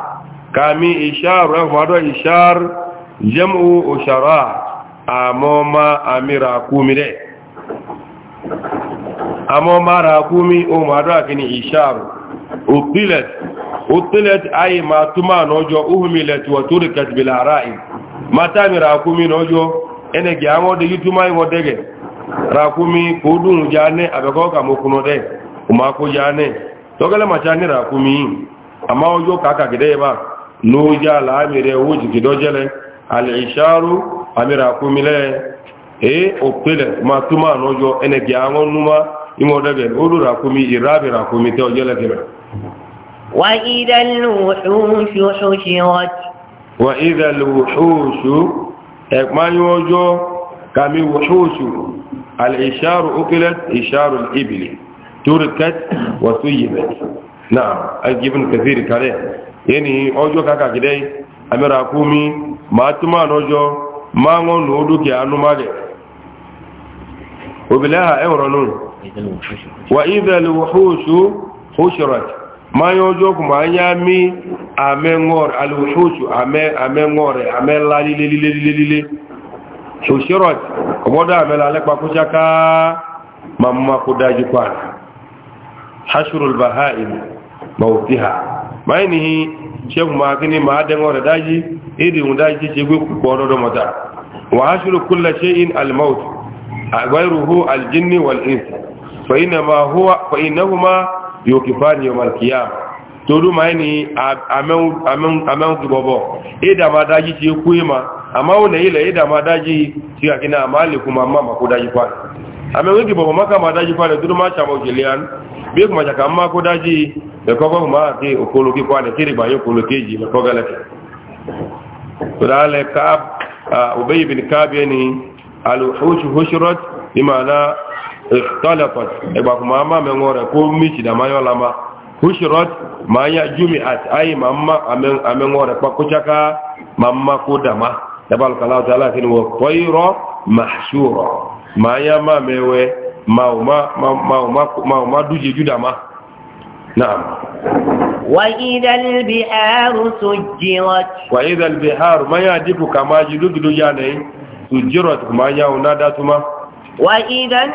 kami ishar ran fado ishar jam'u ushara amoma amira kumi de amoma ra kumi o mado akini ishar utilat utilat ay ma tuma nojo uhmilat wa turkat bil ara'i mata mira kumi nojo ene gi awon de yutuma yi wodege ra kumi ko dun jane abeko ka mokuno de o ma ko jane togele ma jane kaka gide n'oge ala amịrị ewu jigidojele ala isharu amịrị akwụmile ee okpele ma tuma n'ụjọ enegi aṅụ numa ime odebe oluru akwụmi iri abịrị akwụmi te ojele gịrị وإذا الوحوش حشرت وإذا الوحوش ما يوجو كم وحوش الإشار أكلت إشار الإبل تركت وسيبت نعم الجبن كثير كريه yeni ojo kaka gidai amira kumi ma tuma nojo ma ngon no duke anu mage وبلاها اورنون واذا الوحوش حشرت ما يوجوك ما يامي امنور الوحوش امي امنور امي لا لي لي لي لي لي حشرت ومودا امل عليك باكوشكا مما كداجي كوان حشر البهائم موتها mai ni sheku ma kini idi mu daji ce gwe ku koro do mata al maut ghayruhu al jinni wal fa inna fa innahuma yukifani yawm al qiyam to du mai ni amen amen amen ki bobo ida ma daji ce ku ma amma wala ila ida ma daji ci akina amali kuma amma ma ku daji kwa amen ki bobo maka ma daji kwa bí kò màjàkà máa kó dájí ẹ̀kọ́ bọ́ máa kí òkòlò kíkọ́ àti kí ìgbà yóò kòlò kéjì ẹ̀kọ́ gẹ́lẹ́kẹ̀ tó dáálẹ̀ òbẹ́yì bin káàbí ẹni alùhóṣù hóṣùrọ́t ní máa ná ìtọ́lẹ̀pọ̀t ẹgbà kò máa máa mẹ́wọ́n rẹ̀ kó míṣì dàmáyọ́ lama hóṣùrọ́t máa yá júmi àti ayé máa má àmẹ́wọ́n rẹ̀ pàkóṣáká máa má ẹbá lùkàlá ọ̀tá aláàfin wọ̀ pọ́yìrọ́ màṣúrọ̀ máa yá máa mẹ́wẹ́ ma ma duje juda ma na'am wa idal biharu sujirat wa idal biharu ma ya diku kama ji dudu ya ne sujirat ma ya una da tuma wa idan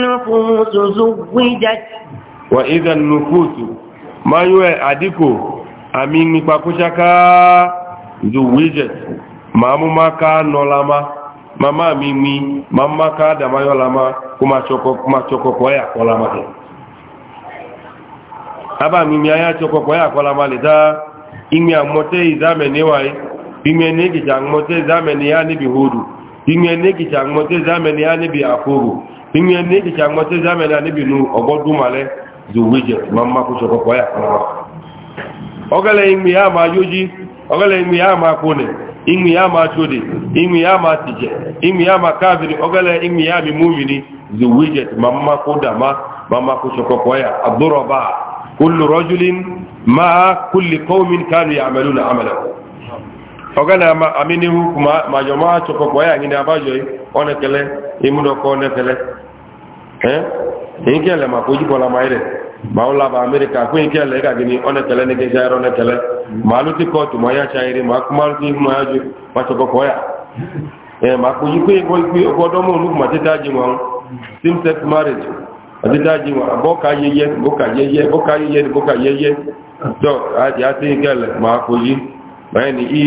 nufusu zuwijat wa idan nufusu ma yuwe adiku amin ni pakushaka zuwijat mamu maka nolama mama mimi mama ka da mayolama kuma choko kuma choko kwa ya kola male aba mi mi aya choko kwa ya kola male da imi amote izame ni wai imi negi jangmote izame ni ya ni bihudu imi negi jangmote izame ni ya ni bi afuru imi negi jangmote izame ni ya ni nu ogodu male zuwije mamma ku choko kwa ya kola male ogale imi ya ma yoji ogale imi ya ma kone inwi ya ma chode inwi ya ma tije inwi ya ma kafiri ogala inwi ya mi mumini zuwijet mamma ko dama mamma ko shoko koya aduraba kullu rajulin ma kulli qaumin kanu ya'maluna amalahu ogala ma amini hukuma ma jama choko koya ngina bajo ona kele imudo ko ne kele eh inkele ma ko jibola maire ma laban amerika ko ike kɛ lɛ ka gini ɔnɛ kɛlɛ ne kɛ sayɔrɔ ne kɛlɛ maalu ti kɔ tuma ya sayiri ya ju ma sɔgɔ kɔ ya ɛ maa ko ji ma sim sex marriage a ji ka ye ye ka ye ye ka ye ye bɔ ka ye ye a ya ti kɛ lɛ maa ko yi maa ni i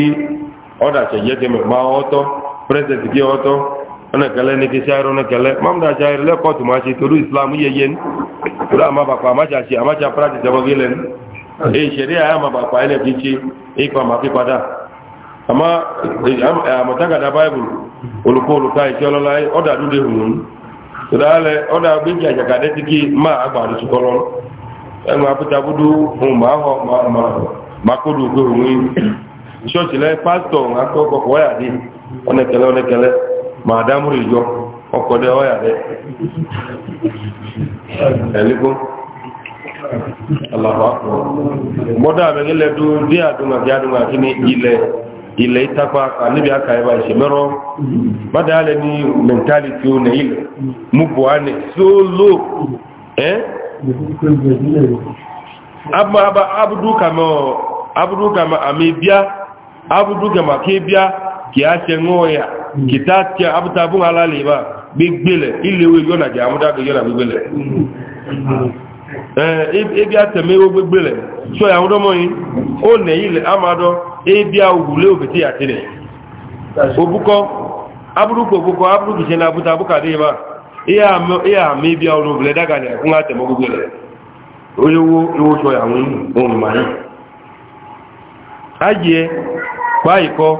ana kale ni ki shairu na kale mam da shairu le ko tuma shi turu islam yeyen kura ma ba kwa macha shi amacha practice da bogile eh sheria ya ma ba kwa ile kichi e kwa ma fi pada ama matanga da bible ulikuwa lukai cholo lai oda dude hun dale oda binja ja kade tiki ma agba du kolon en ma puta budu hun ma ho ma ma ma ko du ko hun church le pastor ngako ko wa ni ona kale ona kale màá dámúrò ìjọ ọkọ̀ dẹ ọ́yà dẹ ẹ̀lẹ́kọ́ aláwọ̀ àpọ̀ mọ́dá àbẹ̀gẹ́lẹ́ dó dé àdúgbà kí àdúgbà kí ní ilẹ̀ ilẹ̀ ìtafà níbi àkàyẹ̀bà ìṣẹ̀mẹ́rọ bádá alẹ́ ní mẹ́ntálítì ó nẹ̀ ilẹ̀ mú bọ̀ á nẹ̀ tí ó lò ẹ́ abúdúkàmọ̀ àmì bíá abúdúkàmọ̀ kí bíá kiache ṅụọ mm-hmm. eh, ya kita tia abụta abụghị ala liba gbegbele ilewe yọ na ji amụda gị yọ na gbegbele ee ịbịa ya o na ile amadọ ịbịa ugwule obete ya tiri obukọ obukọ abụrụ gị na abụta ihe ịbịa ọrụ na onye iko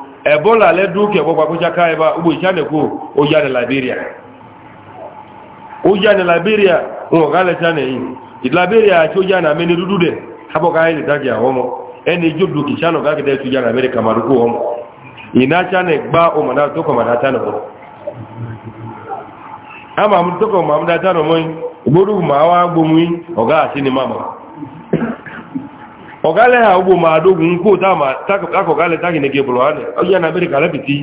ebola le duke kwa kucha kae ba ubu chane ku ujane liberia ujane liberia ngale chane hii liberia chujane ameni dudude hapo kaile dagi ya homo eni judu kichano kake de chujane amerika maruku homo ina chane gba o mana toko mana tano ho ama mtoko mamda mawa gbumwi oga asini mama ọ̀gálẹ̀ ha ogbo ma adógun kó takọ̀gálẹ̀ tágì ní gẹ̀bùrù hánẹ̀ ọjọ́ ìyànà abẹ́rẹ̀ kàlẹ́ pìtí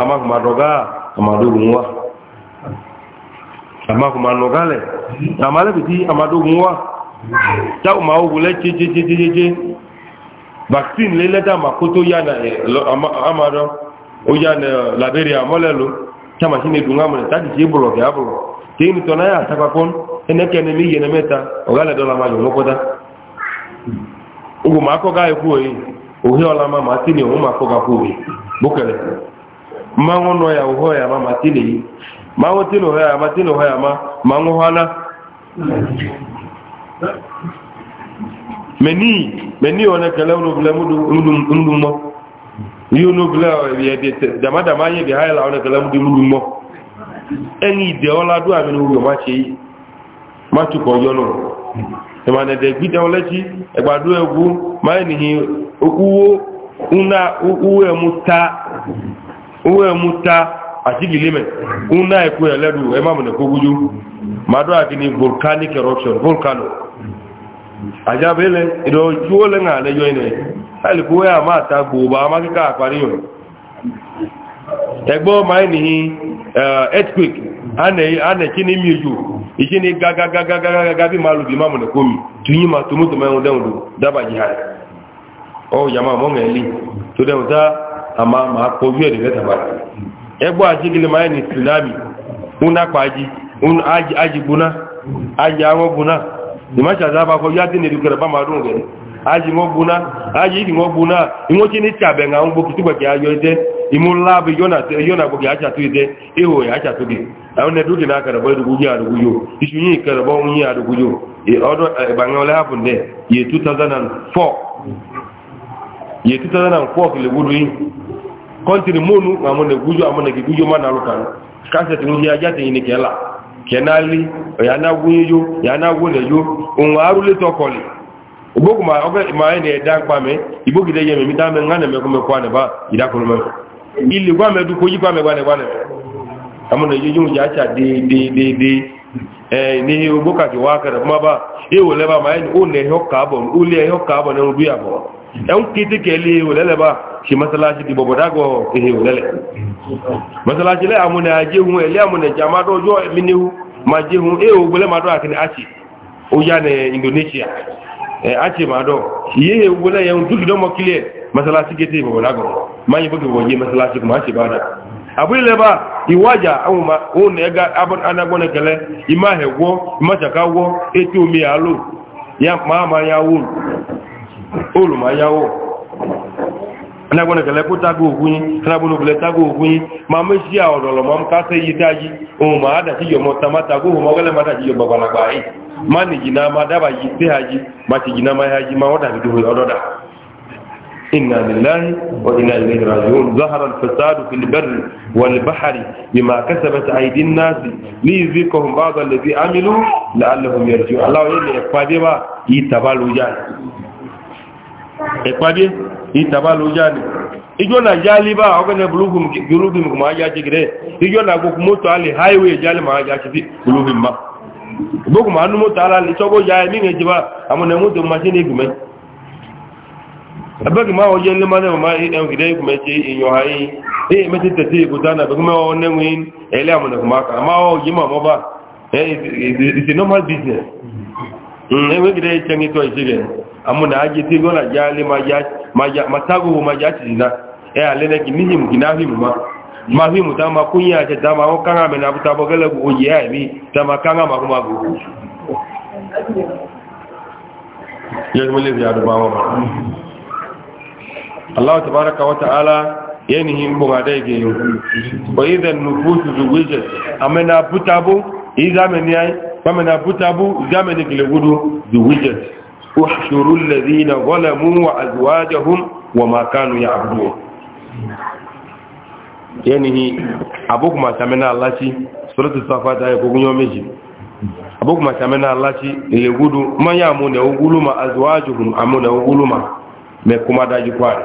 amákùnmàdọ̀gá àmàdógun wá amákùnmàdọ̀gálẹ̀ àmàlẹ́ pìtí àmàdógun wá táwọn ma ogun lẹ́ jẹjẹjẹjẹjẹ vaccine lé lẹ́tà àmàkó tó yànà àmàdọ́ ó yànà labẹ́rẹ̀ àmọ́lẹ́lò támàṣí ní dùn àmọ̀lẹ̀ tágì sí bùrọ̀ kẹ́ àbùrọ̀ kí ní tọ́ná yà àtàkpàkọ́n ẹnẹ́kẹ́ ni mí yẹnẹ mẹ́ta ọ̀gálẹ̀ dọ́là máa yọ̀ lọ́kọ́dá ogo ma akọga ekwu oyi ohe ọla ma ma tini onwe ma akọga kwu oyi bukele mmanwụ nọ ya ohe ya ma ma tini yi mmanwụ tini ohe ya ma tini ohe ya ma ma nwụhana meni meni one kele onobule mudu mmọ ihe onobule damadama anyị bi ha ya la one kele mudu mmọ enyi ide ọla du amị n'oge ma chee ma chụkọ ọjọọ n'ụlọ ìmọ̀nẹ̀dẹ̀ gbídẹ̀ ọlẹ́tí ẹgbàdó ẹgbú máa nìyí owó ẹmú ta àṣígìlímẹ̀ ńlá ẹ̀kú ẹ̀lẹ́rù ẹmàmùnẹ̀ kógújú màdó àkíní volcanic eruption volcano àjábẹ́lẹ̀ ìdọ̀jú ó lẹ́nà àlẹ́yọ ilẹ̀ ẹ̀lẹ́kú ẹ̀ àmà àta amákíkà àparíyàn ẹgbọ́ máa nìyí earthquake ana na miju ikini gagagagagaga bi malu bi mamu ne komi tunyi ma tumu tumu daba ji o mo to ta ama ma ko de beta ba ma ni tsunami una un aji aji buna aji awo buna ni ma cha ko dukere ba ma aji mo buna aji ni mo buna nga ba ki ayo imula bi yona yona bogi acha tu ide iho ya acha tu gi awu ne dugi na kara boy dugi ya dugi yo isu yi kara bo yi ya dugi yo e odo e, bangola hapo ne ye 2004 ye 2004 kile gudu kontiri monu amone guju amone ki guju mana lukan kase tu yi aja tin ni kela kenali ya na guyu ya na wole yo on arule to koli ibogu ma oge ma ne dan pa me ibogi de yemi mi dan me ngane me ko me kwa ne ba ida ili gwa medu ko yigwa megwa negwa ne amu na yijun cha de de de de eh ni ka ki wa ka ma ba e wo le ba ma ni na ehe ho carbon o carbon bi abo en kiti ke le wo le ba ki masalaji di bobo dago e wo le le na aje hu e na do jo hu ma hu e ma do akini achi o ya ne indonesia eh achi ma do ye e wo le do mo clear masalasi gete bo ma manyi bo bo ye masalasi ko ma ci bada abu leba iwaja awma on ega abon anago ne kele ima hewo ima chaka eti omi alo ya ma ya wo olu ma ya wo anago kele ko tago ogun anago no kele tago ma me si a odolo ka se yi taji o ma ada tamata go mo ma da yọmọ yo babalagba ma mani jina ma daba yi haji ma ti jina ma ji ma إنا لله وإنا إليه راجعون ظهر الفساد في البر والبحر بما كسبت أيدي الناس ليذيقهم بعض الذي عملوا لعلهم يرجعون الله يلي إقبادي ما يتبالو جاني إقبادي يتبالو جاني ijo na jali ba oga ne bulugum bulugum ma ya jigre ijo na go moto ali highway jali ma ya ci bulugum ma bogu ma anu moto ala li togo ya mi ngeji ba amone moto machine gume abeg ma o yelle na ma i en gide ku meche i nyo hai e meche tete i kutana abeg ma o ne ngin ele na ku ma o yima mo ba e a normal business mm e we gide chengi to isige amune aje ti gona jali ma ja ma ja matagu ma ja na e ale ne kinihi mu mu ma ma ta ma kunya ta ta ma o kanga me na buta bogele ku oje ai ta ma kanga ma kuma ku Yes, we live here at the Allah tabaraka wa ta'ala yanihim bunga dai ge yo wa idha nufusu zuwija amena butabu izameni ay amena butabu izameni gile gudu zuwija uhshuru alladhina zalamu wa azwajahum wa ma kanu ya'budun yanihi abukuma tamena allahi suratu safat ay kugunyo meji abukuma tamena allahi ile gudu manya mu ne uguluma azwajuhum amuna uguluma me kuma daji kwani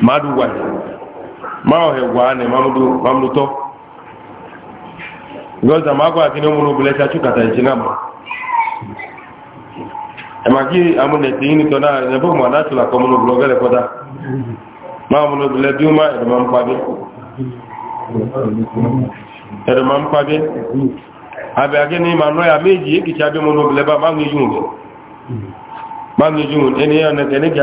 madu wa ma ọhẹ wa ni mamudu mamudu tọ gọza ma gọ akini mu n'obìnrin ẹsẹ atú kàtà ìṣẹ náà mọ ẹmàkì amúnẹsẹ yìí nìkan náà ẹnẹbọ mọ adáṣọ làkọ mu n'obìnrin ọgẹrẹ kọta ma mu n'obìnrin ẹbí ọmọ ẹdọmọ mpabẹ ẹdọmọ mpabẹ ma nọ e e e ya méjì ekìtì abẹ mu n'obìnrin ẹbá má ń yíyún o má ń yíyún ẹni ẹnẹkẹ ẹnẹkẹ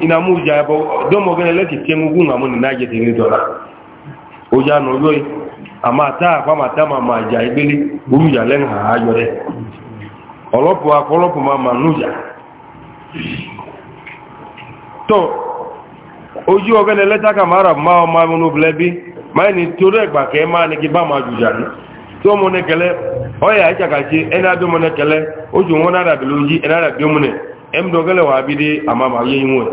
ina murja bo do mo gene lati tengu na je tingi o ja no yoy ama ta pa ma ta ma ma ja ibele buru ja len ha olopo a olopo ma ma nuja to oju o gene leta ka mara ma o ma blebi ma ni tore gba ke ma ni ba ma ni to kele na emdogele wa de amama yinwe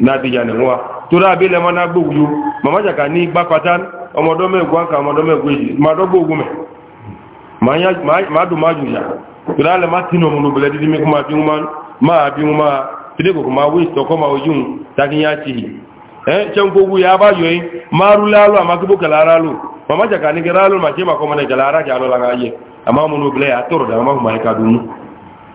na dija ni wa tura bile mana gbugju mama ka ni gbapatan omodo megu anka omodo megu yi mado gbugju me ma ya ma du maju ya tura le matino mu no bele didi mi kuma bi nguma ma bi ma tide ko ma wi to ko ma ojun takin ya ti eh chen ko gu ya ba yo yi maru lalu amakibo kalara lu mama ka ni garalu ma je ma ko mana galara ja lo la ga ngaye ama mu no bele atoro da ma ma ka dunu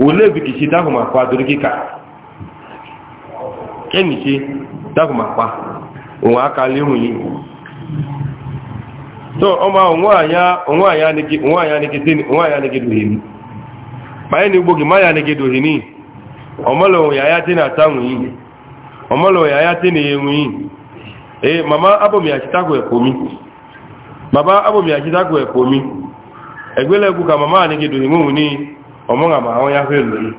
ole bikichi dahụma kwa doro gị ka enyichi dahụma kwa onwe akala enwenye so ọma onwe anya anịgị dohini ma anyị na-egbo gị ma ya anịgị dohini ọmala onwe ya te na-ata nwunye ọmala onwe ya te na-enye nwunye ee mama abụm ya chitagwụ ekwomi mama abụm ya chitagwụ ekwomi egbelegwu ka mama anịgị dohini onwe niile ọmọ́nà ma onye yáfẹ́ ìlú yìí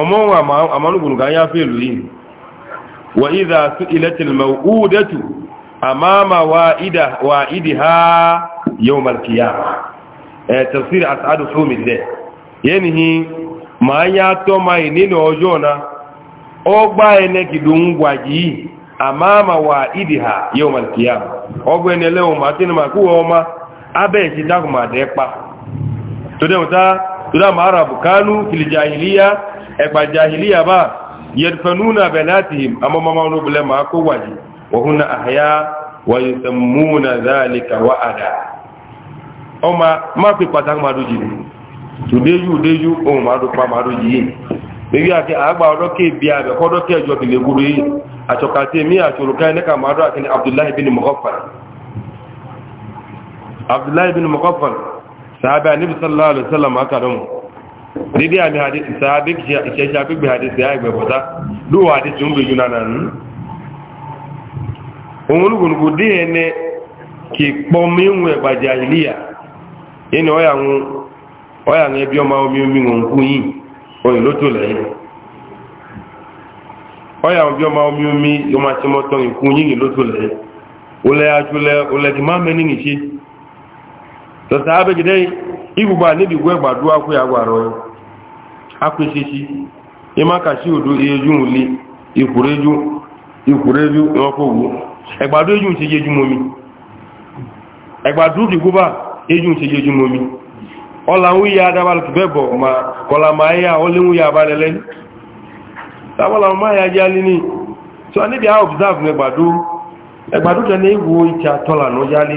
ọmọ́nà ma àmọ́lùgbùnù elu yáfẹ́ wa ịza asụ ìdá sí ilẹ̀tìlmẹ̀ údẹ́tù àmáàmà ha yau malkiya tafsir asadu fomi dẹ yẹni hi ma yá atọ ma ị nínú na ọ gbaa kìdù ń gbàjì àmáàmà wa idi ha yau malkiya ọgbà ẹnẹ́ lẹ́wọ̀n ma ma kúwọ́ ọma abẹ́ ma tode wata tura mara bukanu fil jahiliya e ba jahiliya ba yadfanuna banatihim amma mama no bule ma ko waji wa hunna ahya wa yusammuna dhalika wa'ada oma ma pe patan ma doji tudeju deju o ma do pa ma doji bebi ake agba odo ke bi abe ko do ke jo kile guru yi sahabi anabi sallallahu alaihi wasallam aka don didi ami hadisi sahabi ke shafi bi hadisi ya igbe bota du hadisi un bi juna nan ohun lugun ku di ene ki po mi nwe gba jahiliya ene oya nwu oya nwe ma omi omi to oya nwe ma omi omi ole ajule ma me ni tọ̀tà abẹ́gidẹ́ ìgbùgbà níbi ìgbẹ́ gbàdú akú àgbàrọ̀ akwẹ́sẹsí ìmákàsí òdó ejú nlé ìkùrẹ́jú ìkùrẹ́jú ìwọ́kọ̀wò ẹgbàdú ejú ń sejejú mọ́mí ẹgbàdú dìgbùbà ejú ń sejejú mọ́mí ọlà ń wíyà adábalùkùbẹ́bọ̀ ma kọlà máa yá ọlẹ́wúyà abalẹ́lẹ́ni tábọ́là máa ma ya alíní tí wọ́n níbi i observe ẹgbàdú ẹgbàdú tẹ́ ní ìwò ìtì àtọ́là náà yálé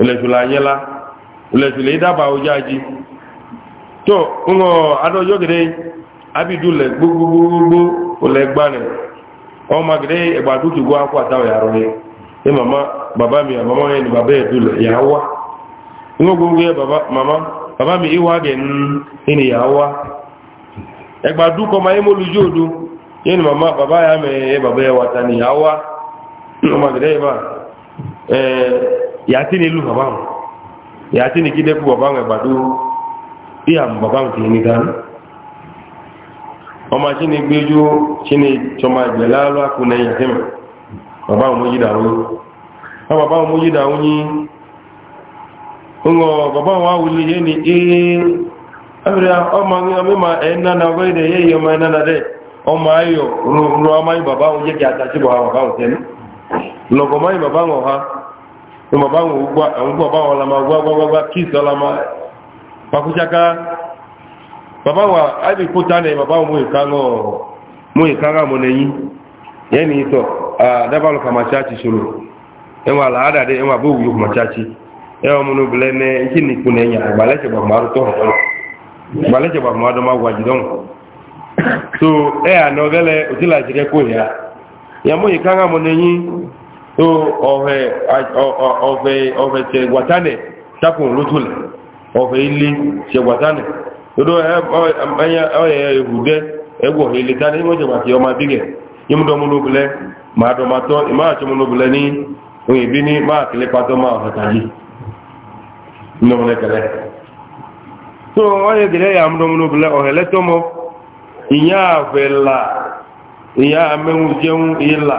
ilẹ̀tùlẹ̀ ayẹ́lá ilẹ̀tùlẹ̀ ìdábà ojú ají tó ń lọ adọ́jọ́ gẹ̀rẹ́ abidulẹ̀ gbogbogbogbo olẹ́gbàrẹ̀ ọmọ gẹ̀rẹ́ ẹgbàdúkìgbó akọ àtàwọn yàrá rẹ̀ ẹ màmá bàbá mi àmàmá ẹni bàbá ẹ̀dùlẹ̀ ń lọ gbogbo mi ma yẹn yà ẹ ni ọmọ ẹ yàtí ni ìlú bàbá wọn yàtí ni kí dẹ́kù bàbá wọn ẹ̀bàdó bí àmù bàbá wọn kìí ní dánú ọmọ tí ni gbéjú tí ni tọmọ ìgbẹ̀ láàrọ̀ àkúnẹ̀ yàtí ni bàbá wọn mójídà wọn wọn bàbá wọn mójídà wọn yí ńgọ ma ba ŋun gba ŋun gba ba wọn lama gba gba gba gba kiisi lama pakusaka baba wa ayi ko ta ne baba mu yi kan ŋɔ mu yi kan ka mɔ ne yi yɛn ni tɔ aa daba lu kama caati solo ɛn wa laada de ɛn wa bo wuyu kuma caati ɛn wa minnu bilɛ nɛ n ti ni kun ne nya gbalɛ cɛ ba kuma do tɔn fɔlɔ gbalɛ cɛ ba kuma do ma waji dɔn so ɛ y'a nɔ gɛlɛ o ti la jɛgɛ ko ya yamu yi kan ka mɔ ne yi. so ọ̀fẹ́ ọ̀fẹ́ ọ̀fẹ́ ṣe gbàtánẹ̀ ṣàkùn lótùlẹ̀ ọ̀fẹ́ ilé ṣe gbàtánẹ̀ lọ́dọ̀ ọ̀yẹ̀ ìhùdẹ́ ẹgbọ̀ ilé tánẹ̀ ìmọ̀ ṣe gbàtí ọmọ abígẹ̀ ìmúdọ̀múnobìlẹ̀ máa dọ̀mátọ́ ìmáàtúmúnobìlẹ̀ ní oyin bí ní máa kìlẹ̀ pátọ́ máa yà ìyá ìyá ìlà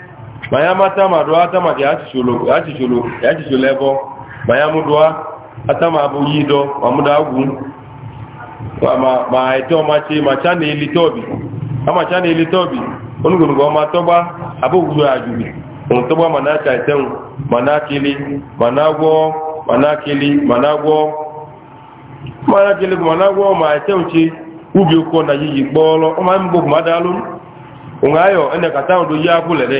ma ya mata ma dụọ ata ma ga achicholo ebe ma ya mụdụa ata ma abụghị idọ ma mụda agwụ ma ete ọmachi ma cha na elite obi amacha na elite obi onugorogo ọma tọgba abụghị ajụbi tọgba ma na acha etenwu ma na akili ma na agwọ ma na akili ma na agwọ ma na akili ma na agwọ ma etenwuchi ubi ụkọ na yiji kpọọlọ ọma mgbogwu ma daalụ ụnyaahụ ene kata ndo yi abụlere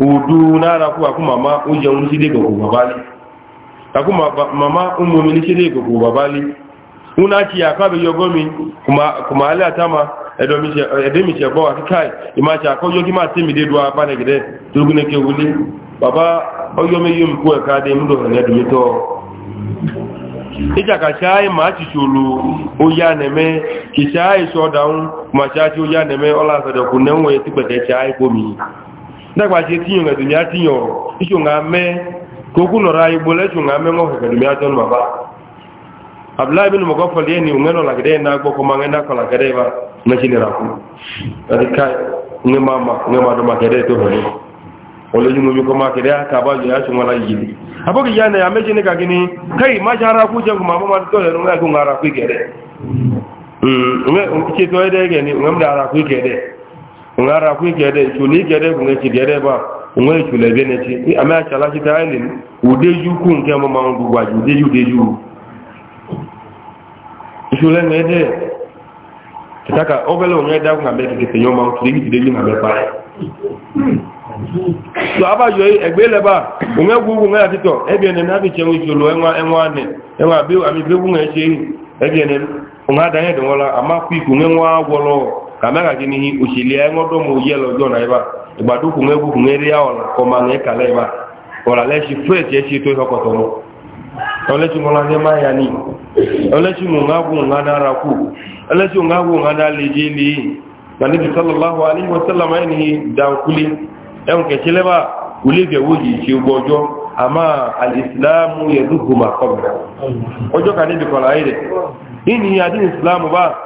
udu nara kuwa kuma mama uje un side ko babali takuma mama umumi ni side ko babali una ki akabe yogomi kuma kuma tama edomi se edemi se bo akikai ima cha timi de dua pa ne gide baba oyomi yum ku e ka de mdo ne dumi to ìjàkàṣà àìmà ti ṣòlò oyá nẹ̀mẹ́ kìṣà àìṣọ́dáun kùmàṣà tí ó yá nẹ̀mẹ́ ọlá àfẹ́dẹ̀kù nẹ́wọ̀n ẹ̀ dagbaji etinye nga dumya tinye ọrụ iso nga mee ka okwu nọrọ anyị gbole nwoke ka dumya jọ maba abdullahi bin mugafal yeni unge no lagade na gbo ko na kala gade ba na chini rafu adi kai unge mama unge ma do ma ma ya ka gini kai ma jara ku je ma ma to le ku ngara ku mm unge to ede gani unge ku ngara ku gede chuli gede ku ngechi gede ba ngwe chule bene chi ni ama ụdị chi udeju ku nke mama ngu gwa ju deju deju chule ngede kitaka obelo ngeda nyoma deju so aba yo e, egbe le ba ngwe gu gu ngara ebi ene na bi chenwe chulu enwa enwa ne enwa bi ami bi gu ebi ene wala kamera kini usili engo do mu yelo jona iba ibadu ku ngebu ku ngeri ya ona koma nge kala iba ola le shi fresh ye shi to hoko to mo ole chi ngola ne ma ya ni ole chi mu ngabu ngana ra ku ole chi ngabu ngana le je li nabi sallallahu alaihi wasallam ni da kuli en ke chile ba kuli ge wuji chi ugojo ama alislamu yadhuhu ma qabla ojo kanibi kola ile ini ya din islamu ba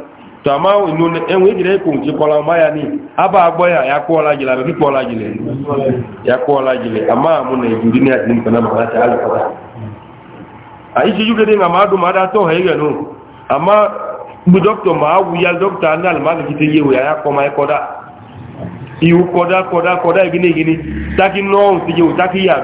to ama inu enwe ejire ekwu nke kpọla ma ya ni aba agbaya, ya ya kpọọla jile abịa kpọọla jile ya mụ na ndị na-adị mkpa na maka ta alụkọta ma adụ ma tọ ha ihe nụ ama dọkịta ma agwụ ya dọkịta ya kpọ ma iwu kọda taki ya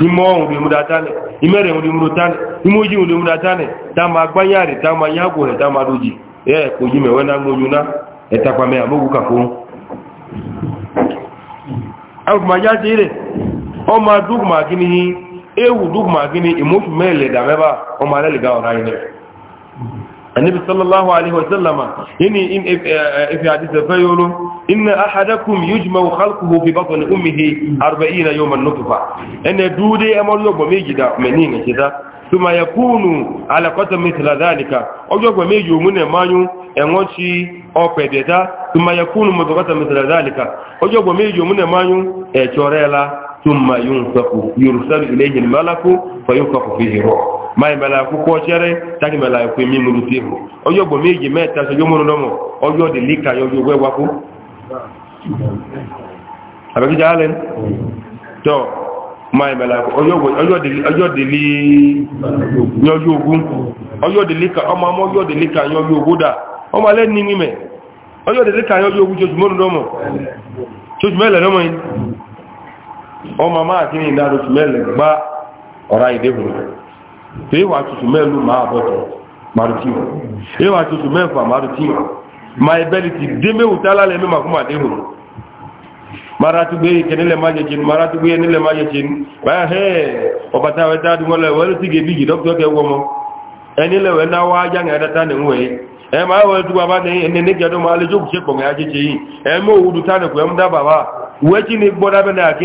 ime ọnwụ dị mụrụ atane ime re nwụrụ mụrụ tane ime oji nwụrụ mụrụ atane ta ma gbanye arị ta ma ya gwụrụ ta mmadụ ji ya ekpo ji mewe na ngonyu na etakwame ya mogwu kapo agụma ya jere ọma dugma gịnị ewu dugma gịnị imofu e mele da meba ọma leliga ọra ihe النبي صلى الله عليه وسلم إن إن في حديث فيقول إن أحدكم يجمع خلقه في بطن أمه 40 يوما نطفة إن دودي أمر يوم ميجدا منين كذا ثم يكون على قدر مثل ذلك أجوب ميجو من مانيو أموتي أو بديتا ثم يكون مضغة مثل ذلك أجوب ميجو من مانيو أجوريلا ثم ينفق يرسل إليه الملك فينفق فيه روح ma mela akwụkwọ chere tagị mela akwụkwọ ime mụrụ tebụl onye ogbo mee tasị onye mụrụ n'ụmụ onye ọ dị lika ya onye ogwe gwapụ allen tọ mai mela ọdịli onye ogwu onye ọdịlika ọma m onye ọdịlika onye onye ogwu le nni n'ime onye ọdịlika onye onye ogwu chochu ewa tutu mẹ́lu ma bọ́tọ̀ marutin ewa tutu mẹ́fà marutin ma ẹbẹ́lì ti déméwù tálá ma dị déhùn maratugbe kẹnilẹ̀ máa jẹ́ jẹni maratugbe ẹnilẹ̀ máa jẹ́ jẹni báyà hẹ́ ọbàtà wẹ́ta dùnmọ́lẹ̀ wẹ́lú ti gẹ̀bí jì dọ́kítọ́ kẹ wọ́mọ́ ẹnilẹ̀ wẹ́ náwó ajá ń ẹ̀dá tánà ń wẹ̀ ẹ máa wẹ́ dùgbà bá ní ẹni gẹ̀dọ́ máa lé jókòó ṣepọ̀ ní ajé yìí ẹ mọ́ òwúdù tánà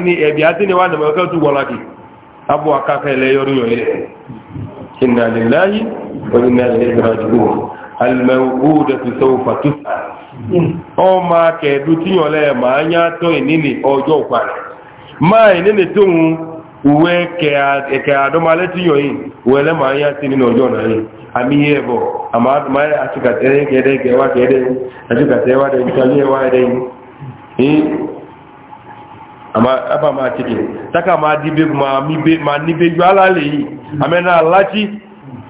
ni abu ka ile yoru yoyire inna lillahi wa inna ilaihi raji'un al maw'udatu sawfa tus'al hmm. o ma ke du ti ma anya to inini ojo pare ma inini tun uwe ke ke male ti yan ma nya ti ni ojo na yin ami ama ma ke de ke wa ke de wa de wa de aba ma cike taka ma dibe kuma ma nibe yi amena alachi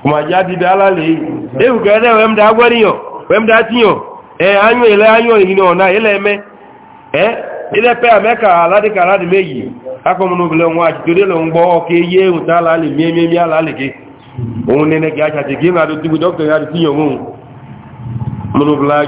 kuma ya dibe ala yi ewu wem da gwari yo wem da tin yo anyo ile anyo yi no na ile me eh ile pe ameka alade ka alade meyi ako mu bele nwa ji tore lo ngbo ke ye ewu ta alale mi mi mi alale ke ne ne ti do doctor ti yo mu mu bla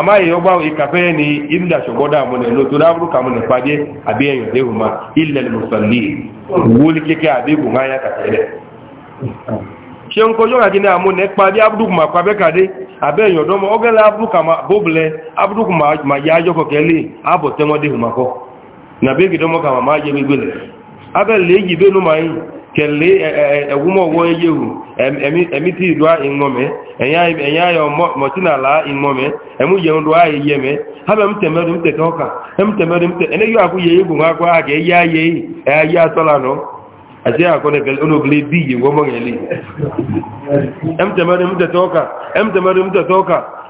amaghị ọgbanwe kafe na ibida chọgbọdọ amụna n'otu na-abụrụ ka amụna kpadie abịa enyo dịhụ ma ilele musalli wuo likeke abịa igwu n'anya kakere ṣe ń kọjọ́ àti ní àmú pàdé abúrúkù ma pàbẹ́ kàdé abẹ́ èèyàn ọ̀dọ́mọ́ ọgẹ́lẹ̀ abúrúkù ma bóbulẹ̀ abúrúkù ma yá ajọ́kọ̀ kẹ́lẹ̀ ààbọ̀ tẹ́wọ́n dé hùmàkọ́ nàbẹ́gìdọ́mọ́ kà máa kele egwumọgwọ eh, eh, eh, eyehu emiti idua inwome enye aya mọtinala emu emuje ndu aya iyeme ha be mtemedu mtete ọka emtemedu mtete eneghi akwụ ya egwu nwa agwa aga eyi aya eyi eyi atọla nọ àti àkọ́nẹ̀kẹ́lẹ́ bí ìyẹ̀wọ́mọ́ ẹ̀lẹ́ emtemedu mtete ọka emtemedu mtete ọka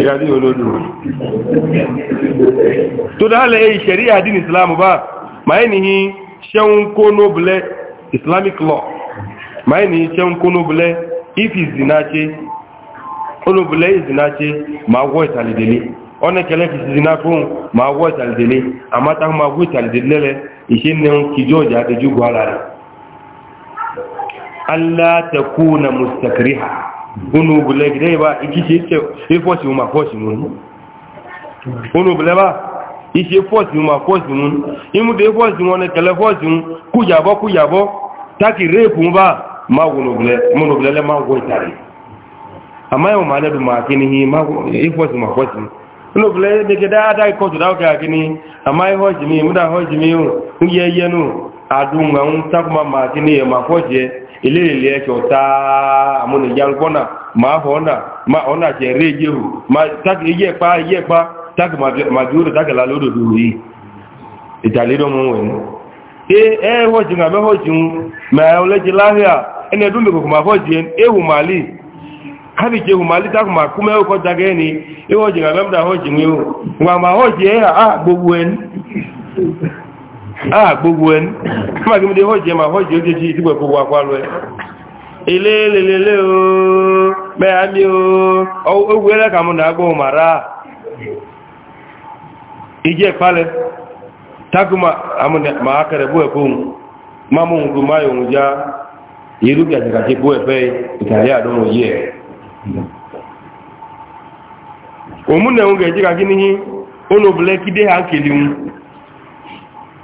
ìgbàdí olódù tó dáálẹ̀ èyí àdín islam bá máa ní ṣẹ́un kó nóbulẹ̀ islamic law máa ní ṣẹ́un kó nóbulẹ̀ if ìzìnáṣe olóbulẹ̀ ìzìnáṣe ma wọ́ ìtàlẹ̀dẹ̀lé ọ́nẹ́kẹ̀lẹ́ fi ìzìná fún máa wọ́ ìtàlẹ̀dẹ̀lé àmátá máa wọ́ ìtàlẹ̀dẹ̀lẹ́ ìṣẹ́ unu ubule gide ba ikisi ise efosi uma fosi unu ba ise fosi uma fosi imu de fosi won kele fosi mun kujabo kujabo taki repu ba ma unu ubule mun ubule le ma wo tari ama e ma ne du ma kini hi ma efosi uma fosi unu de gida ada e ko tu dawo ka kini ama yo e hoji mi hoji mi adunga un takuma ma kini ma fosi ilé ilé ẹkẹ ọ̀tá àwọn ìyàngbọ́nà máa họ́ ọ̀nà ọ̀nà àti ẹ̀rẹ́ ìyẹ́hù ìyẹ́pa ìyẹ́pa tákì màjúwòrò tákìlá lódò lórí ìtàlédọ́mọ́ wẹ̀ ní ẹ̀họ́jì àmẹ́họ́jì mẹ́ọlẹ́jì láhíà ẹni ẹ̀dún lè kòkòmà fọ́jì ẹ̀hù màálì kábíjì ẹ̀hù màálì ni a ah, gbogbo ẹni ma gí mẹ́dẹ̀ hojjẹ ma hojjẹ ó jẹ́jì ìdígbẹ̀ gbogbo akwálọ ẹ ilé lèlèlè ooo mẹ́àmí ooo ogun ẹlẹ́ka mú nàágbọ́ ìjẹ́ ìpalẹ̀ takuma ma akẹrẹ bó ẹ̀kọ́ ma mú yóò já ìtàlẹ́ yìí kàkí níyí ó hàn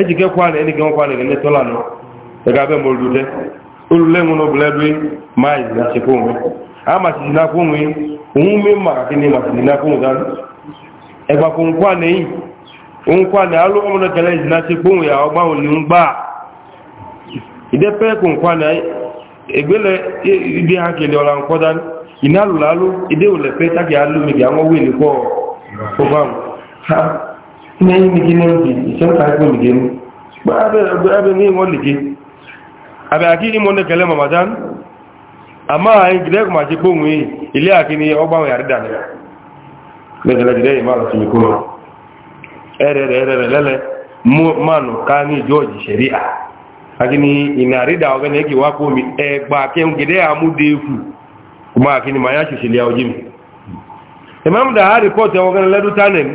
ejike kwana enige nkwana ga netola no daga be molude ulule ngono bledu mai na chikume ama sina kunwi umume ma sina kunwi dan egba kun kwana yi un kwana alu omo kele na chikume ya ogba oni ngba ide pe kun kwana egbele ibi ha ola ide ule pe ní ẹ̀yìn nìgí ní oúnjẹ ìṣẹ́ǹkà ẹgbẹ́ nìgí ní abẹ́ ní ìwọ́n nìgí abẹ́ àkí ní mọ́ nẹ́kẹ̀lẹ́ mamadan àmá ìgbìlẹ́kùn àti pòhùn ilé àkí ní ọgbàwọ̀ yàrídà ní lẹ́gbẹ̀lẹ́gbẹ̀lẹ́ ìmá àti ìkúrò ẹ̀rẹ̀rẹ̀rẹ̀lẹ́lẹ́ mánu ká ní george sẹ̀ríà àkí ní ìnàrídà ọgbẹ́ ní ẹgbẹ̀ wá pómi ẹgbà kẹ́ǹgẹ̀dẹ́ àmúdéfù kùmá àkí ní mayá ṣùṣẹ̀lẹ́ ọjí mi ìmáàmù dàá rìpọ́ọ̀tì ọgbẹ́ lẹ́dú tánẹ̀mù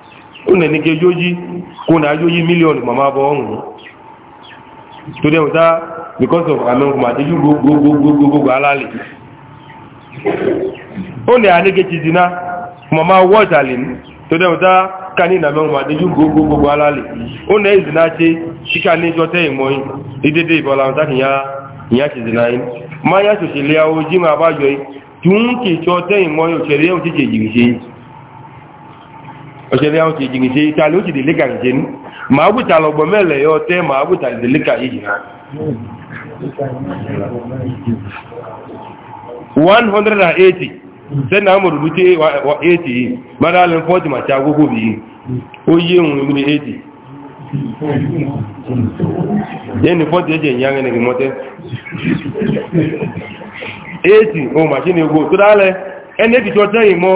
una ni ke joji kuna joji million mama bo on to de uta because of amen kuma de ju go go go go go alali oni anege jidina mama waterlin to de uta kani na men kuma de ju go go go alali ona izina che chika ni jote imoyin idede ibola uta kinya nya yin ma ya so se le ji ma ba tun ki jote o ọ̀ṣẹ́lẹ̀ àwọn ti jìnì ṣe ìtàlẹ̀ ó ti dè léka ìṣẹ́ ní ma gúta lọ́gbọ̀ mẹ́lẹ̀ yọ tẹ́ ma gúta dè léka yìí 180 sẹ́nà àmọ̀rùlú tí 80 mẹ́rẹ́lẹ̀ 40 màtí agogo bí ó yé ohun ìlú 80 yẹ́nì 40 ẹjẹ̀ ìyá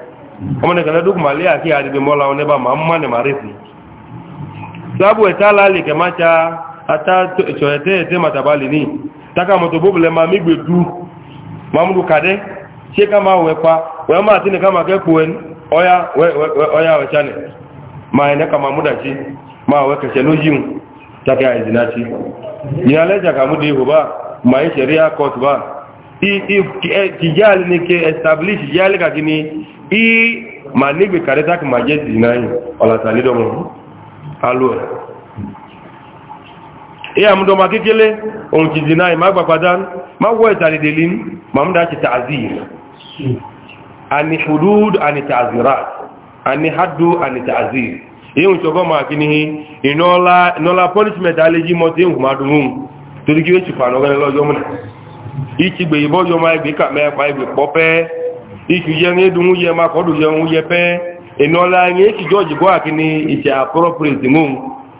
ọmọ nìkan lẹ́dùkù máa lé àti àdìbì mọ́lá wọn nẹ́bà máa ń mọ́ ní máa rèsì sábò ẹ̀tá láàlì kẹ máa ta ata ẹ̀tẹ́ ẹ̀tẹ́ màtàbà ní taka mọ̀tò bóbulẹ̀ máa mígbè dú máa múlù kàdẹ́ ṣé ká máa wẹ̀ pa wẹ̀ máa tí nìkan máa kẹ́kọ̀ọ́ ẹni ọya ọ̀ṣà nẹ̀ máa ẹ̀ nẹ́ka máa múdà sí máa wẹ̀ kẹsẹ̀ ló yíun takẹ́ àìsìnà sí ìyálẹ́ jàkàmúdé ihò bá máa ń ni kẹ establish ìjáàlì kàkí i ma nígbè kàrẹ́tà kì máa jẹ́ dìnnà yìí ọ̀làtàlédọ́mọ̀ alò ẹ̀ ẹ àmúdọ́mà kékeré ohun ti dìnnà yìí má gbàgbàdá má ma ìtàlẹ̀dẹ̀lẹ́ mamúdá ti tààzí àni hudud àni tààzírà àni hadu àni tààzí ihun ṣọgbọ́n máa kí ni ìnọ́lá punishment alẹ́jí mọ́ tí ìhùn máa dùn ún torí kí ó ti fà lọ́gọ́rẹ́ lọ́jọ́ mọ́ iku je nge dungu je ma kodu je ngu je pe enola nge ki joji go akini ite appropriate ohun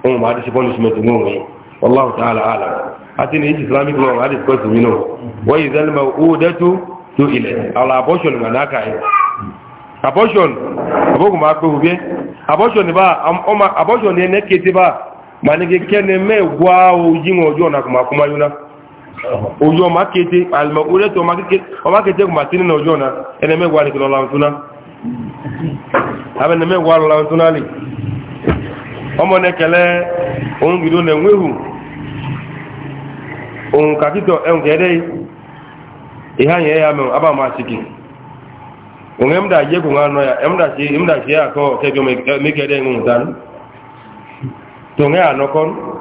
on ma de punishment ngun wallahu ta'ala ala atini islamic law ma no tu ala abortion ngana kai e. abortion abogu ma ko hubie abortion ba o ma abortion kete me kuma ojú ọmọ akéte àlùmọ̀ orí ẹ̀tọ́ ọmọ akéte kò máa ti nínú ọjọ́ náà ẹni mẹ́wàá ní kìlọ̀ làwọn túná lọ lè ọmọ ohun gidi ó ohun kàkítọ̀ ẹ̀hùn kẹ́ẹ́dẹ́ ìhá yẹn ẹ̀yà mẹ́wàá abá máa ẹ̀mdà yẹ kò ńlá ẹ̀mdà ṣe ẹ̀mdà ṣe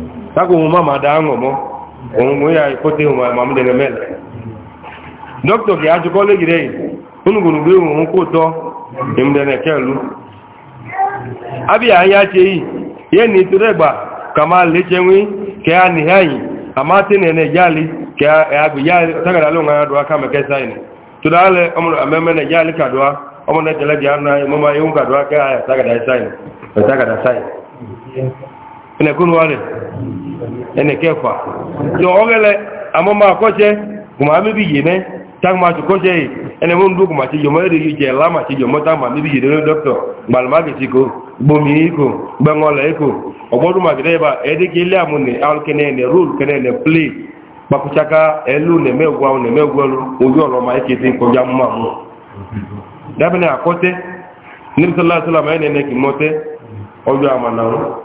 tako mama mada ango mo ongu ya ikote mama mama de mel doctor ki aju kole gire unu gbe mu ko to imde ne kelu abi anya che yi ye ni turegba kama le chenwi ke ani hayi amate ne ne yali ke lo nga do aka me kesa ni ne ne tele bi ana yunga do aka ẹnẹkúnú wa rẹ̀ ẹnẹkẹfà tí ọgẹ́lẹ̀ àmọ́ máa kọ́ṣẹ́ kùmà mẹ́bí yìí mẹ́ táàmà tó kọ́ṣẹ́ yìí ẹnẹmọ́ ń dókùmà tí yọmọ́ èrè yìí jẹ́ lámà tí yọmọ́ táàmà mẹ́bí yìí lórí dọ́kítọ̀ gbàlùmágẹ̀sì kò gbomi kò gbẹ̀ngọ́lẹ̀ kò ọgbọ́dúnmàgẹ̀dẹ́bà ẹ̀ẹ́dẹ́gẹ́lẹ́ àmúnẹ̀ alkẹ́nẹ̀ẹ̀nẹ̀ róòlù kẹ́nẹ̀ẹ̀nẹ̀ plé kpakutsaka ɛlu nɛmɛwua nɛmɛwualu oyi ɔlɔma yi kete kɔdza mu amu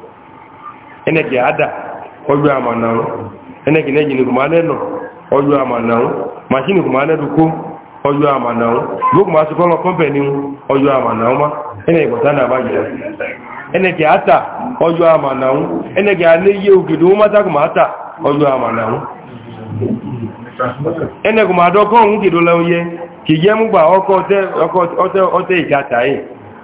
eneke ada ojú àmà náà eneke nẹ́jì ní kùmà nẹ́nà àmà náà màṣínì kùmà nẹ́dùkú ojú àmà náà lókùmà sí kọ́lọ̀ kọ́mpẹ̀ àmà náà má eneke bọ̀tá náà eneke ata àmà náà eneke aléyé ògèdè ó ata ama àmà náà eneke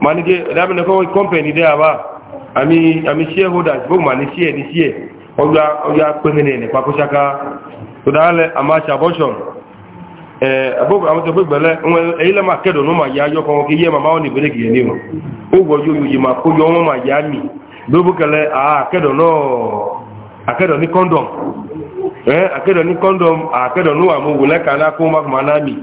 manike damine ko company de aba ami ami shareholders bo mani share ni share oya oya pemene ne pa ko to dale ama chaboshon eh abo amo to gbele won ma kedo no ma ya yo ko ye mama oni bele ki ni mo o yo yi ma ko yo won ma ya mi do bo kele ah kedo no akedo ni ni condom eh, no amu wule kana ma ma na mi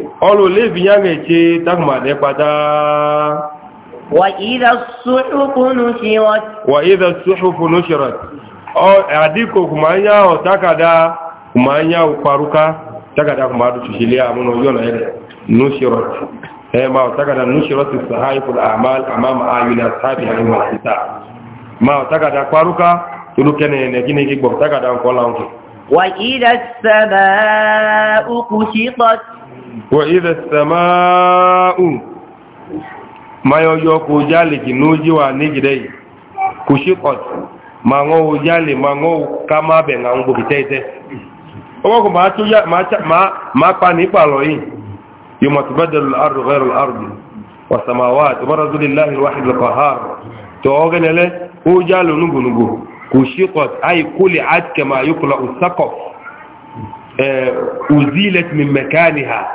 ọlọ lébi yá ń ṣe tágùmàdé pátá. wà ìdá sùhùfùnù ṣìrọ̀t. wà ìdá kùmà ń yá ọ̀ tákàdá kùmà ń yá ọ̀ parúká tákàdá kùmà dùn ṣùṣì lé àmúnà yọ̀nà ẹ̀rẹ̀ nù ṣìrọ̀t. ẹ máa tákàdá nù ṣìrọ̀t sàháìfù àmàl àmàmà ayùnà sábì àyùnà síta. وإذا السماء ما يوجوكو جالك نوجي ونجري كشقت ما هو جالي ما هو كما بين أنبو بتيته ọwọ́kù máa pa ní pàlọ̀ yìí yóò mọ̀ tó bẹ́ dẹ̀lú àrùn rẹ̀rù àrùn wàsàmàwà tó bá rọ̀zú líláhì tó ọgẹ́nẹ̀lẹ́ ó jálò nùgbùnùgbò kò ṣíkọ̀ yóò kùlọ̀ Eh, uzilet min makaniha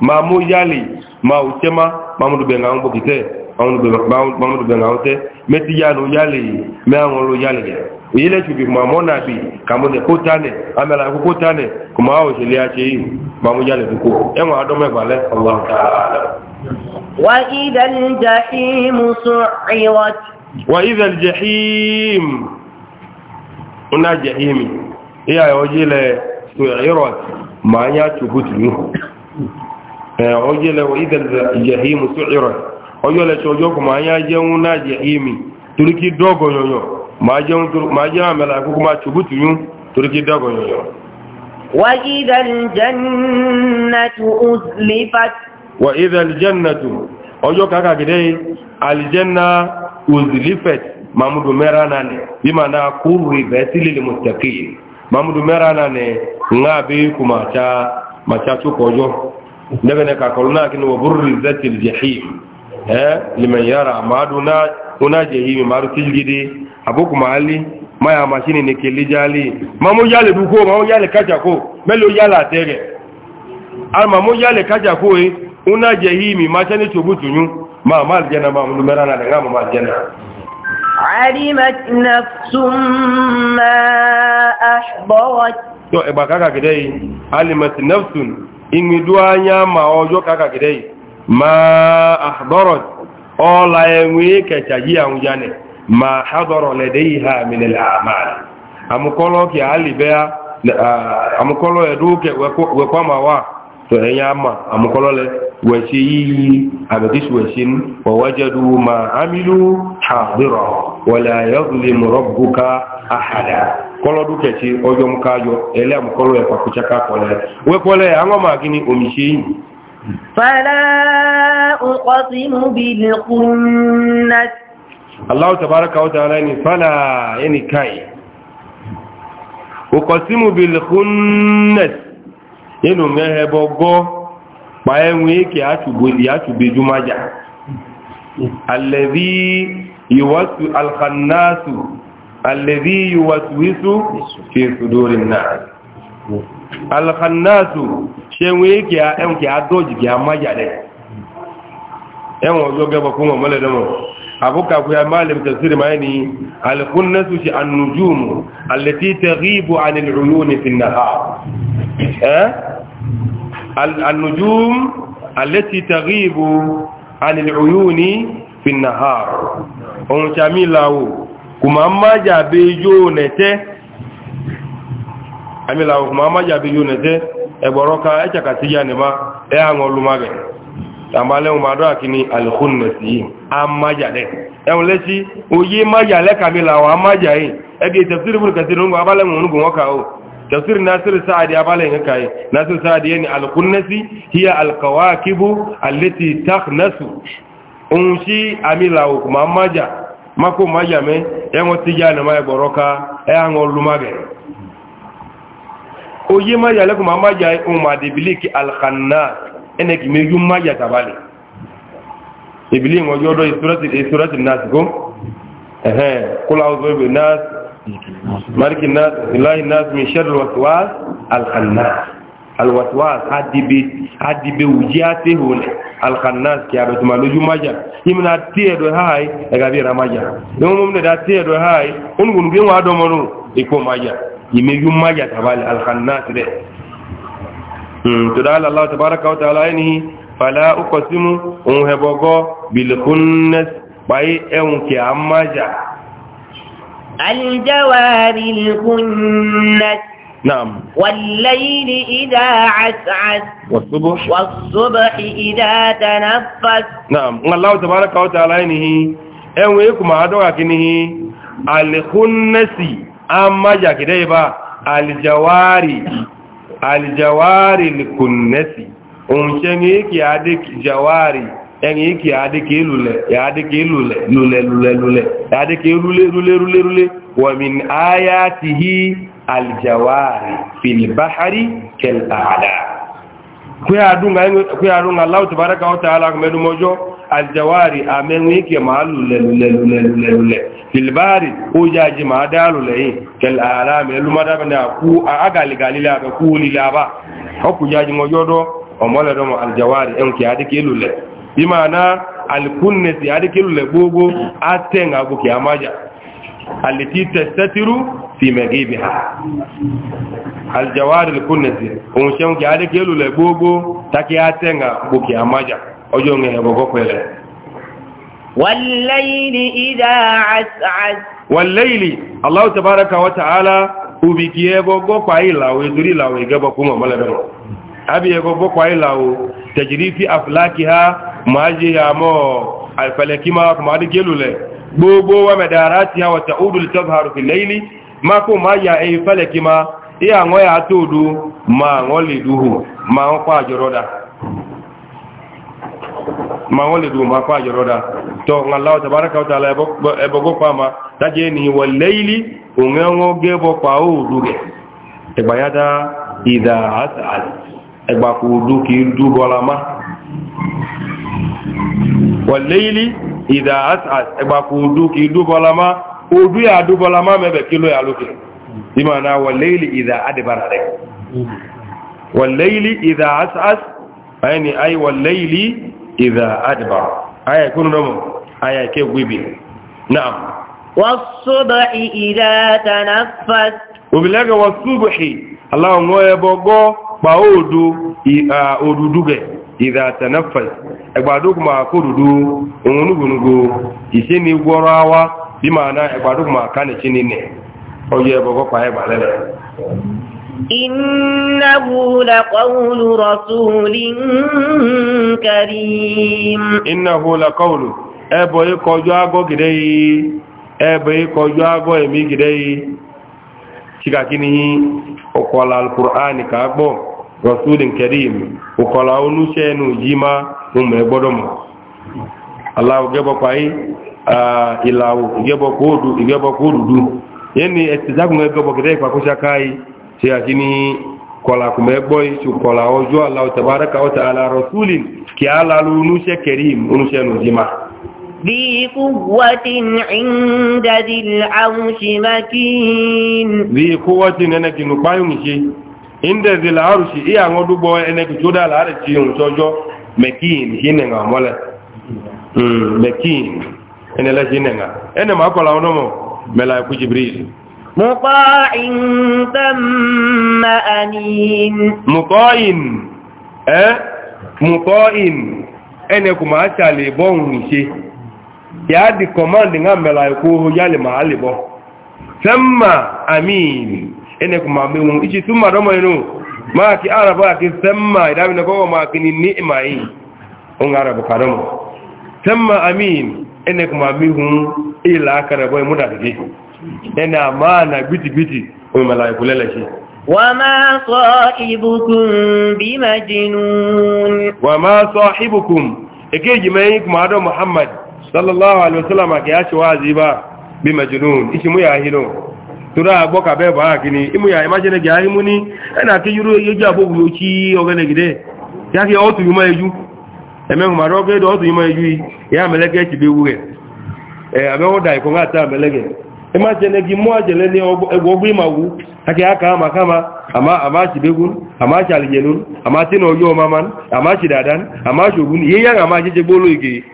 ma mo yali ma uchema ma mo be ngawo bokite ma mo be ma mo be ngawo te meti ya yali me anwo yali ile tu bi ma mo bi ka ne kotane amela ko kotane kuma o se ache yi ma mo yali duko e mo ado bale allah ta'ala wa idha jahim su'irat wa idha jahim una jahimi iya yojile تعيرت ما ياتو بتنو أجل وإذا الجحيم سعرت أجل شوجوك ما ياجونا جحيمي تركي دوغو يو ما جاو ما جاو ملاكو ما تشبوتو تركي دوغو يو وإذا الجنة أزلفت وإذا الجنة أجل كاكا كده الجنة أزلفت محمود ميراناني بما نقول ربات للمتقين mamudu mera na ne nga be ku mata mata tu kojo daga ne ka koluna kin wa burri zatil jahim eh liman yara maduna una jahim maru tiljidi abuku mali maya mashini ne ke lijali mamu yale duko mamu yale kaja ko melo yala tere al mamu yale kaja ko e una jahim mata ne tubutunyu ma mal jana mamudu mera na nga ma mal jana alimat nafsun ma ahdarat to e ba kaka gidai alimat nafsun in duanya ma ojo kaka gidai ma ahdarat ola enwe kechaji anjane ma hadara ladaiha min al-a'mal amukolo ki alibea eh, amukolo eduke wekwa mawa to enyama amukolo le wẹ̀ṣe yìí àbẹ̀díṣ wẹ̀ṣin wọ̀wọ́jẹ́dù ma amílú àbírọ̀ wọ̀lẹ̀ ayọ́gbìlẹ̀ mọ̀rọ̀bùká àhàdà kọlọ́dún kẹ̀ṣe ọjọ́ mú káyọ ẹlẹ́mùkọlọ́ ẹ̀pàkúṣẹ́ká kọlẹ̀ wẹ́kọlẹ̀ àwọn ọmọ àgíní omiṣe yìí فلا أقسم بالقنة الله تبارك وتعالى فلا يعني kpaye nwee ka ya chubeju maja alladhi yuwasu alkhannasu alladhi yuwaswisu fi sudurin nas alkhannasu ṣe nwee ka ya ẹn ka ya doji ka ya maja dẹ ẹn ọjọ gẹba fún ọmọ lẹdọmọ abuka kuya malam tafsir mayani al-khunnatu shi an-nujum allati taghibu fi an النجوم التي تغيب عن العيون في النهار ohun tí a mí láwò kò máa má jàbé yóò nẹ̀tẹ́ àmìláwò kò máa má jàbé yóò nẹ̀tẹ́ ẹgbọ̀rọ̀ ká ẹ́chàkà sí yà nìmá ẹ́ àwọn olùmọ̀gẹ̀ àmàlẹ́hùn máa dọ́ àkíní àlùkún nẹ̀sí yìí a má jàlẹ̀ ẹ̀hùn lẹ́sí oyé má jàlẹ́ kàmìláwò a má jàyìn ẹgbẹ̀ ìtẹ̀sírífù tafsir nasir sa'adi abala yin kai nasir sa'adi yani al-kunnasi hiya al-kawakibu allati takhnasu unshi amila kuma maja mako maja me yango tijana mai boroka yango lumage oye maja le kuma maja umma de biliki al-khannas ene ki meju maja tabali ibili ngojo do surati surati nas ko eh kula uzu bi nas مالك الناس الله الناس من شر الوسواس الخناس الوسواس هادي بي هادي بي وجاته هون الخناس كي ابو تمالو جماجا يمنا تيدو هاي غابي رماجا دوم من دا تيدو هاي اون غون بي وادو منو يكو ماجا يمي يماجا تبال الخناس ده امم تدال الله تبارك وتعالى انه فلا اقسم ان هبغو بالخنس باي اون كي اماجا الجوار الكنس نعم والليل إذا عسعس والصبح والصبح إذا تنفس نعم الله تبارك وتعالى إنه أنويكم أدوك إنه الخنس أما جاكديبا الجواري الجواري الكنس أمشنك يا ديك جواري ẹ̀yìn ìkì àádékè lulẹ̀ àádékè lulẹ̀ lulẹ̀ lulẹ̀ lulẹ̀ àádékè rúlé rúlé rúlé rúlé wọ̀mìn ayá ti hí aljawari filibahari kẹl'ada kí àdún aláwọ̀tí bára káwọ́ta alákùnmẹ́dúnmọ́jọ́ aljawari àmẹ́rin ìkì máa lulẹ̀ lulẹ̀ lulẹ̀ lulẹ̀ lulẹ̀ filibahari ó yájí máa dá lulẹ̀ yìí kẹl'ada mẹ́lúmọ́dábẹ̀dá kú agàlìgàlílẹ̀ àbẹ̀kú lílẹ̀ àbá ọkù yájí mọ́jọ́dọ́ ọmọlẹ̀dọ́mọ̀ aljawari ẹnkì àdékè lulẹ̀ imana alkunnesi adikilu le gbogbo aten agboke amaja aliti testatiru fi megibi ha aljawari alkunnesi ohun ṣeun ki adikilu le gbogbo taki aten agboke amaja ọjọ́ ń ẹ̀bọ̀ gọ́pẹ̀lẹ̀ wàlẹ́yìlì ìdá àṣàṣ wàlẹ́yìlì aláwọ̀ tàbárakà wata ala ubi kí ẹbọ̀ gọ́pàá ìlàwẹ̀ torí ìlàwẹ̀ ìgẹ́bọ̀ fún mọ̀mọ́lẹ́bẹ̀rọ̀ abi ego bokwa ila o tajrifi aflakiha maji ya mo alfalakima kuma adi gelule gbogbo wa madarati ha wa ta'udu li tazharu fi layli ma ko ma ya e falakima iya ngo ya todu ma ngo le duhu ma ngo kwa joroda ma ngo le duhu ma kwa joroda to ngallahu tabaraka wa taala e bogo kwa ma tajeni wa layli ungengo gebo kwa o duge idha as'al ẹgbàkù ojú kìí dúró ọlámá wọ̀lẹ́yìlì ìdá ẹgbàkù ojú kìí dúró ọlámá ojú yà dúró ọlámá mẹ́bẹ̀ kí ló yà lókè ìmọ̀ náà wọ̀lẹ́yìlì ìdá adìbára rẹ̀ wọ̀lẹ́yìlì ìdá asas ayẹni ayé wọ̀lẹ́yìlì ìdá adìbára ayẹ kúrò nọ́mọ̀ ayẹ kẹ́ gbébì náà والصبح إذا تنفس وبلاغ والصبح الله هو يبغى kpa odu oruduge idha tanaffas egbaduk ma kurudu onugunugo isini gworawa bi mana egbaduk ma kane chinine oye bogo pa e balele innahu laqawlu rasulin karim innahu laqawlu ebo ikojo ago gidei ebo ikojo ago emi gidei chikakini ọkọ̀ọ̀la alukur'ani kàgbọ́ rasulin karim ọkọ̀ọ̀la onúṣẹ́nu yíma ọmọ ẹgbọ́dọ̀ mọ̀ aláwọ̀ gẹ́bọ̀ pàáyí ìlàwọ̀ ìgẹ́bọ̀ kó dúdú yẹni ẹ̀tìdágùn ẹgbẹ́bọ̀ gẹ́dẹ́ ìpàkóṣakáyí ṣe àti ní kọ̀ọ̀la kùmọ̀ ẹgbọ́ ìṣù kọ̀ọ̀la ọjọ́ aláwọ̀ tàbárakà ọ̀tà alá rasulin kí alálù onúṣẹ́ karim onúṣẹ́nu yíma ذي قوة عند ذي العرش مكين ذي قوة أنك نقايم شيء عند ذي العرش إيه أنا دوبو أنك تودا العرش يوم توجو مكين هنا نعمله مكين أنا لا هنا أنا ما أقول أنا ملاك جبريل مطاع ثم أمين مطاع أه مطاع أنك ما تعلي بون شيء ya dị kọmandị nga mela ekwuo ya lị ma alịbọ temma amin enek ma mmenwu iji tu mmadụ ọmọ inu maki arabu aki temma idabi na kọwa maki ni ni ima yi onye arabu karamu temma amin enek ma mmenwu ila aka rabu da gị ene ama na biti biti onye mela ekwu lelechi wa ma sọ ibukum bi majinun wa ma sọ ibukum eke ji mee muhammad sallallahu alaihi wasallam ke ya ci wazi ba bi majnun ishi mu ya hino tura gbo ka be ba kini imu ya imagine ge ahimu ni ena ke yuru yeju abobu yochi ogene gide ya ke otu yuma eju eme ma ro ge do otu yuma eju ya meleke ti be wure e abe oda iko nga ta melege imagine gi mu ajele ni egbo ogbi a ake aka ama kama ama ama ti begun ama ti ama ti no yo ama ti dadan ama shogun ye ya ama je gbolo ige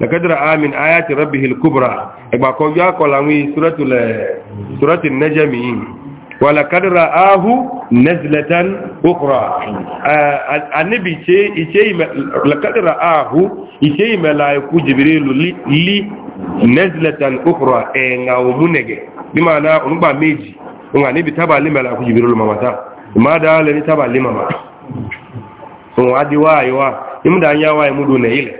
lakadira amin ayati rabbihi al-kubra egba ko ya ko lawi suratul suratul najmi wa lakadira ahu nazlatan ukhra anibi che iche lakadira ahu iche malaiku jibril li nazlatan ukhra e ngawo munege bima na unba meji unga nibi tabali malaiku jibril mamata ma da le ni tabali mama so adiwa aywa imda nyawa imudu ne ile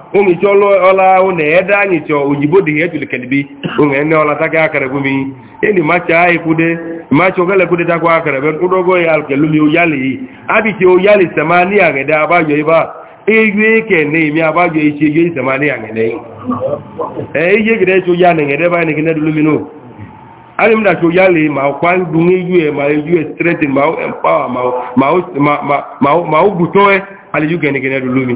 omi tí ọlá ọ̀nà ẹ̀dá àyìntì òyìnbó dè yẹ́ tùlù kẹ̀lẹ̀bí ohun ẹ̀nà ọlá tákẹ́ akẹrẹ̀gbó mi ẹni máa ṣe àìkúdé máa ṣe ọgẹ́lẹ̀kúdé tákọ́ akẹrẹ̀gbẹ́ ọdọ́gọ́ alùkẹ̀lómi oyálè yìí ábìtì oyálè sẹ̀má ní àrẹ̀dá abájọ ibá eyú ẹ̀kẹ́ ní èmi abájọ iṣẹ́ yóò sẹ̀má ní àrẹ̀dẹ́ yìí ẹ̀yẹ́ gẹ̀dẹ́ ṣe oyá nìyẹ̀dẹ́ báyìí nìkẹ́ dúlómi náà alimda ṣe oyálè máa kwá ma dun eyú ma e, ma ma ma ma ma ma máa gùtọ́ ẹ̀ alẹ́yú gẹ̀ẹ́nìkẹ́ dúlómi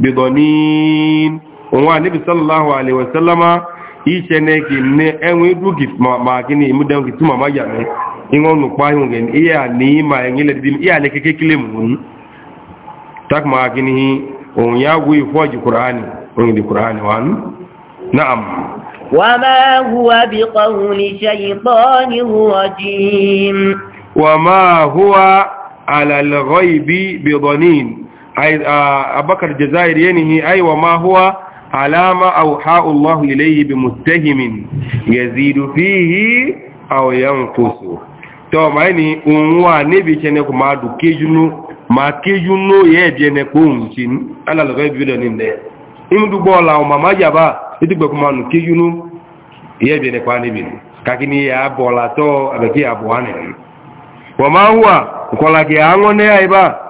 bidonin onwa nabi sallallahu alaihi wasallama iṣẹ́ ne ki ne enwe dugi ma kini mu dan ki tuma ma ya me ingo nu pa yun gen iya ni ma yin le dim iya le keke kile mu ni tak ma kini on ya wi foji qur'ani on di qur'ani wan na'am وما هو بقول شيطان رجيم وما هو على الغيب بضنين abakar jazair yanihi ai wa ma huwa alama auha Allah ilayhi bi muttahimin yazidu fihi aw yanqusu to maini unwa nibi chene ko madu kejunu ma kejunu ye jene ko mchin ala lo gabe do ninde imdu bola o mama jaba idigbe ko manu kejunu ye jene kwa ka kakini ya bola to abeki abuane wa ma huwa kola ke angone ba.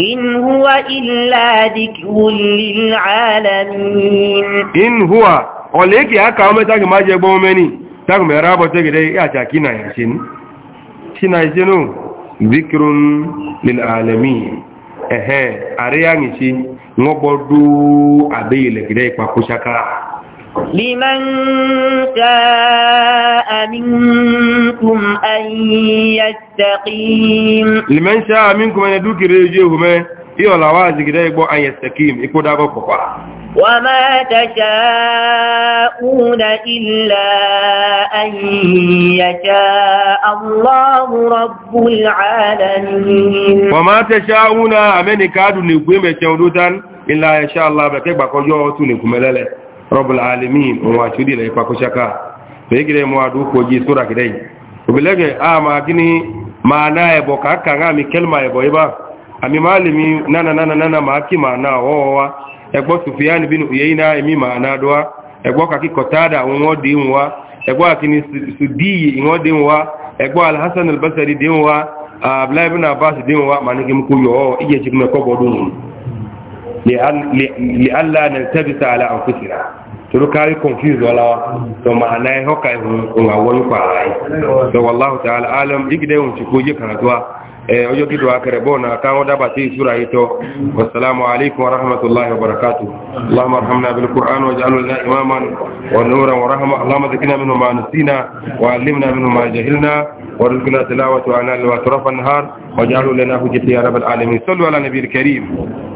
إن هو إلا ذكر للعالمين إن هو وليك أكا أمتاك ما جيبون مني تاك مرابة تجري أتاكينا يسين شنا يسينو ذكر للعالمين ẹ̀hẹ́ àríyànìṣí wọ́n gbọ́dú àbẹ́yìlẹ̀ gidẹ́ ìpapòṣakára لمن شاء منكم أن يستقيم لمن شاء منكم أن يدوك ريجيهما إيو لوازق ده يقول أن يستقيم يقول ده بقى وما تشاءون إلا أن يشاء الله رب العالمين وما تشاءون أمين كادوا نقوم بشهدوتا إلا يشاء الله بكيك بقى يوتو نقوم لله rabbul alamin on wa tudi la ipa ko shaka be gire mo adu ko ji sura kidai ubilege ama kini maana e bo ka ka ngami kelma e bo iba ami malimi nana nana nana ma ki maana wo wa e gbo sufyan bin uyayna emi maana doa e gbo ka ki kotada won odi won e gbo akini sudi won odi won e gbo al hasan al basri din wa abdullah ibn maniki mku yo ije ti li'alla naltabisa ala anfusina toro kari confuse wala to ma'ana ya hoka yi hun awon kwa rai to wallahu ta'ala alam igide hun ciko je karatuwa eh ojo gido akare bona kan wada ba ti sura ito wassalamu alaikum wa rahmatullahi wa barakatuh allahumma arhamna bil qur'an waj'alna lana imaman wa nuran wa rahma allahumma zidna minhu ma nasina wa 'allimna minhu ma jahilna وارزقنا تلاوة عنال وأطراف النهار واجعله لنا حجة يا رب العالمين صلوا على النبي الكريم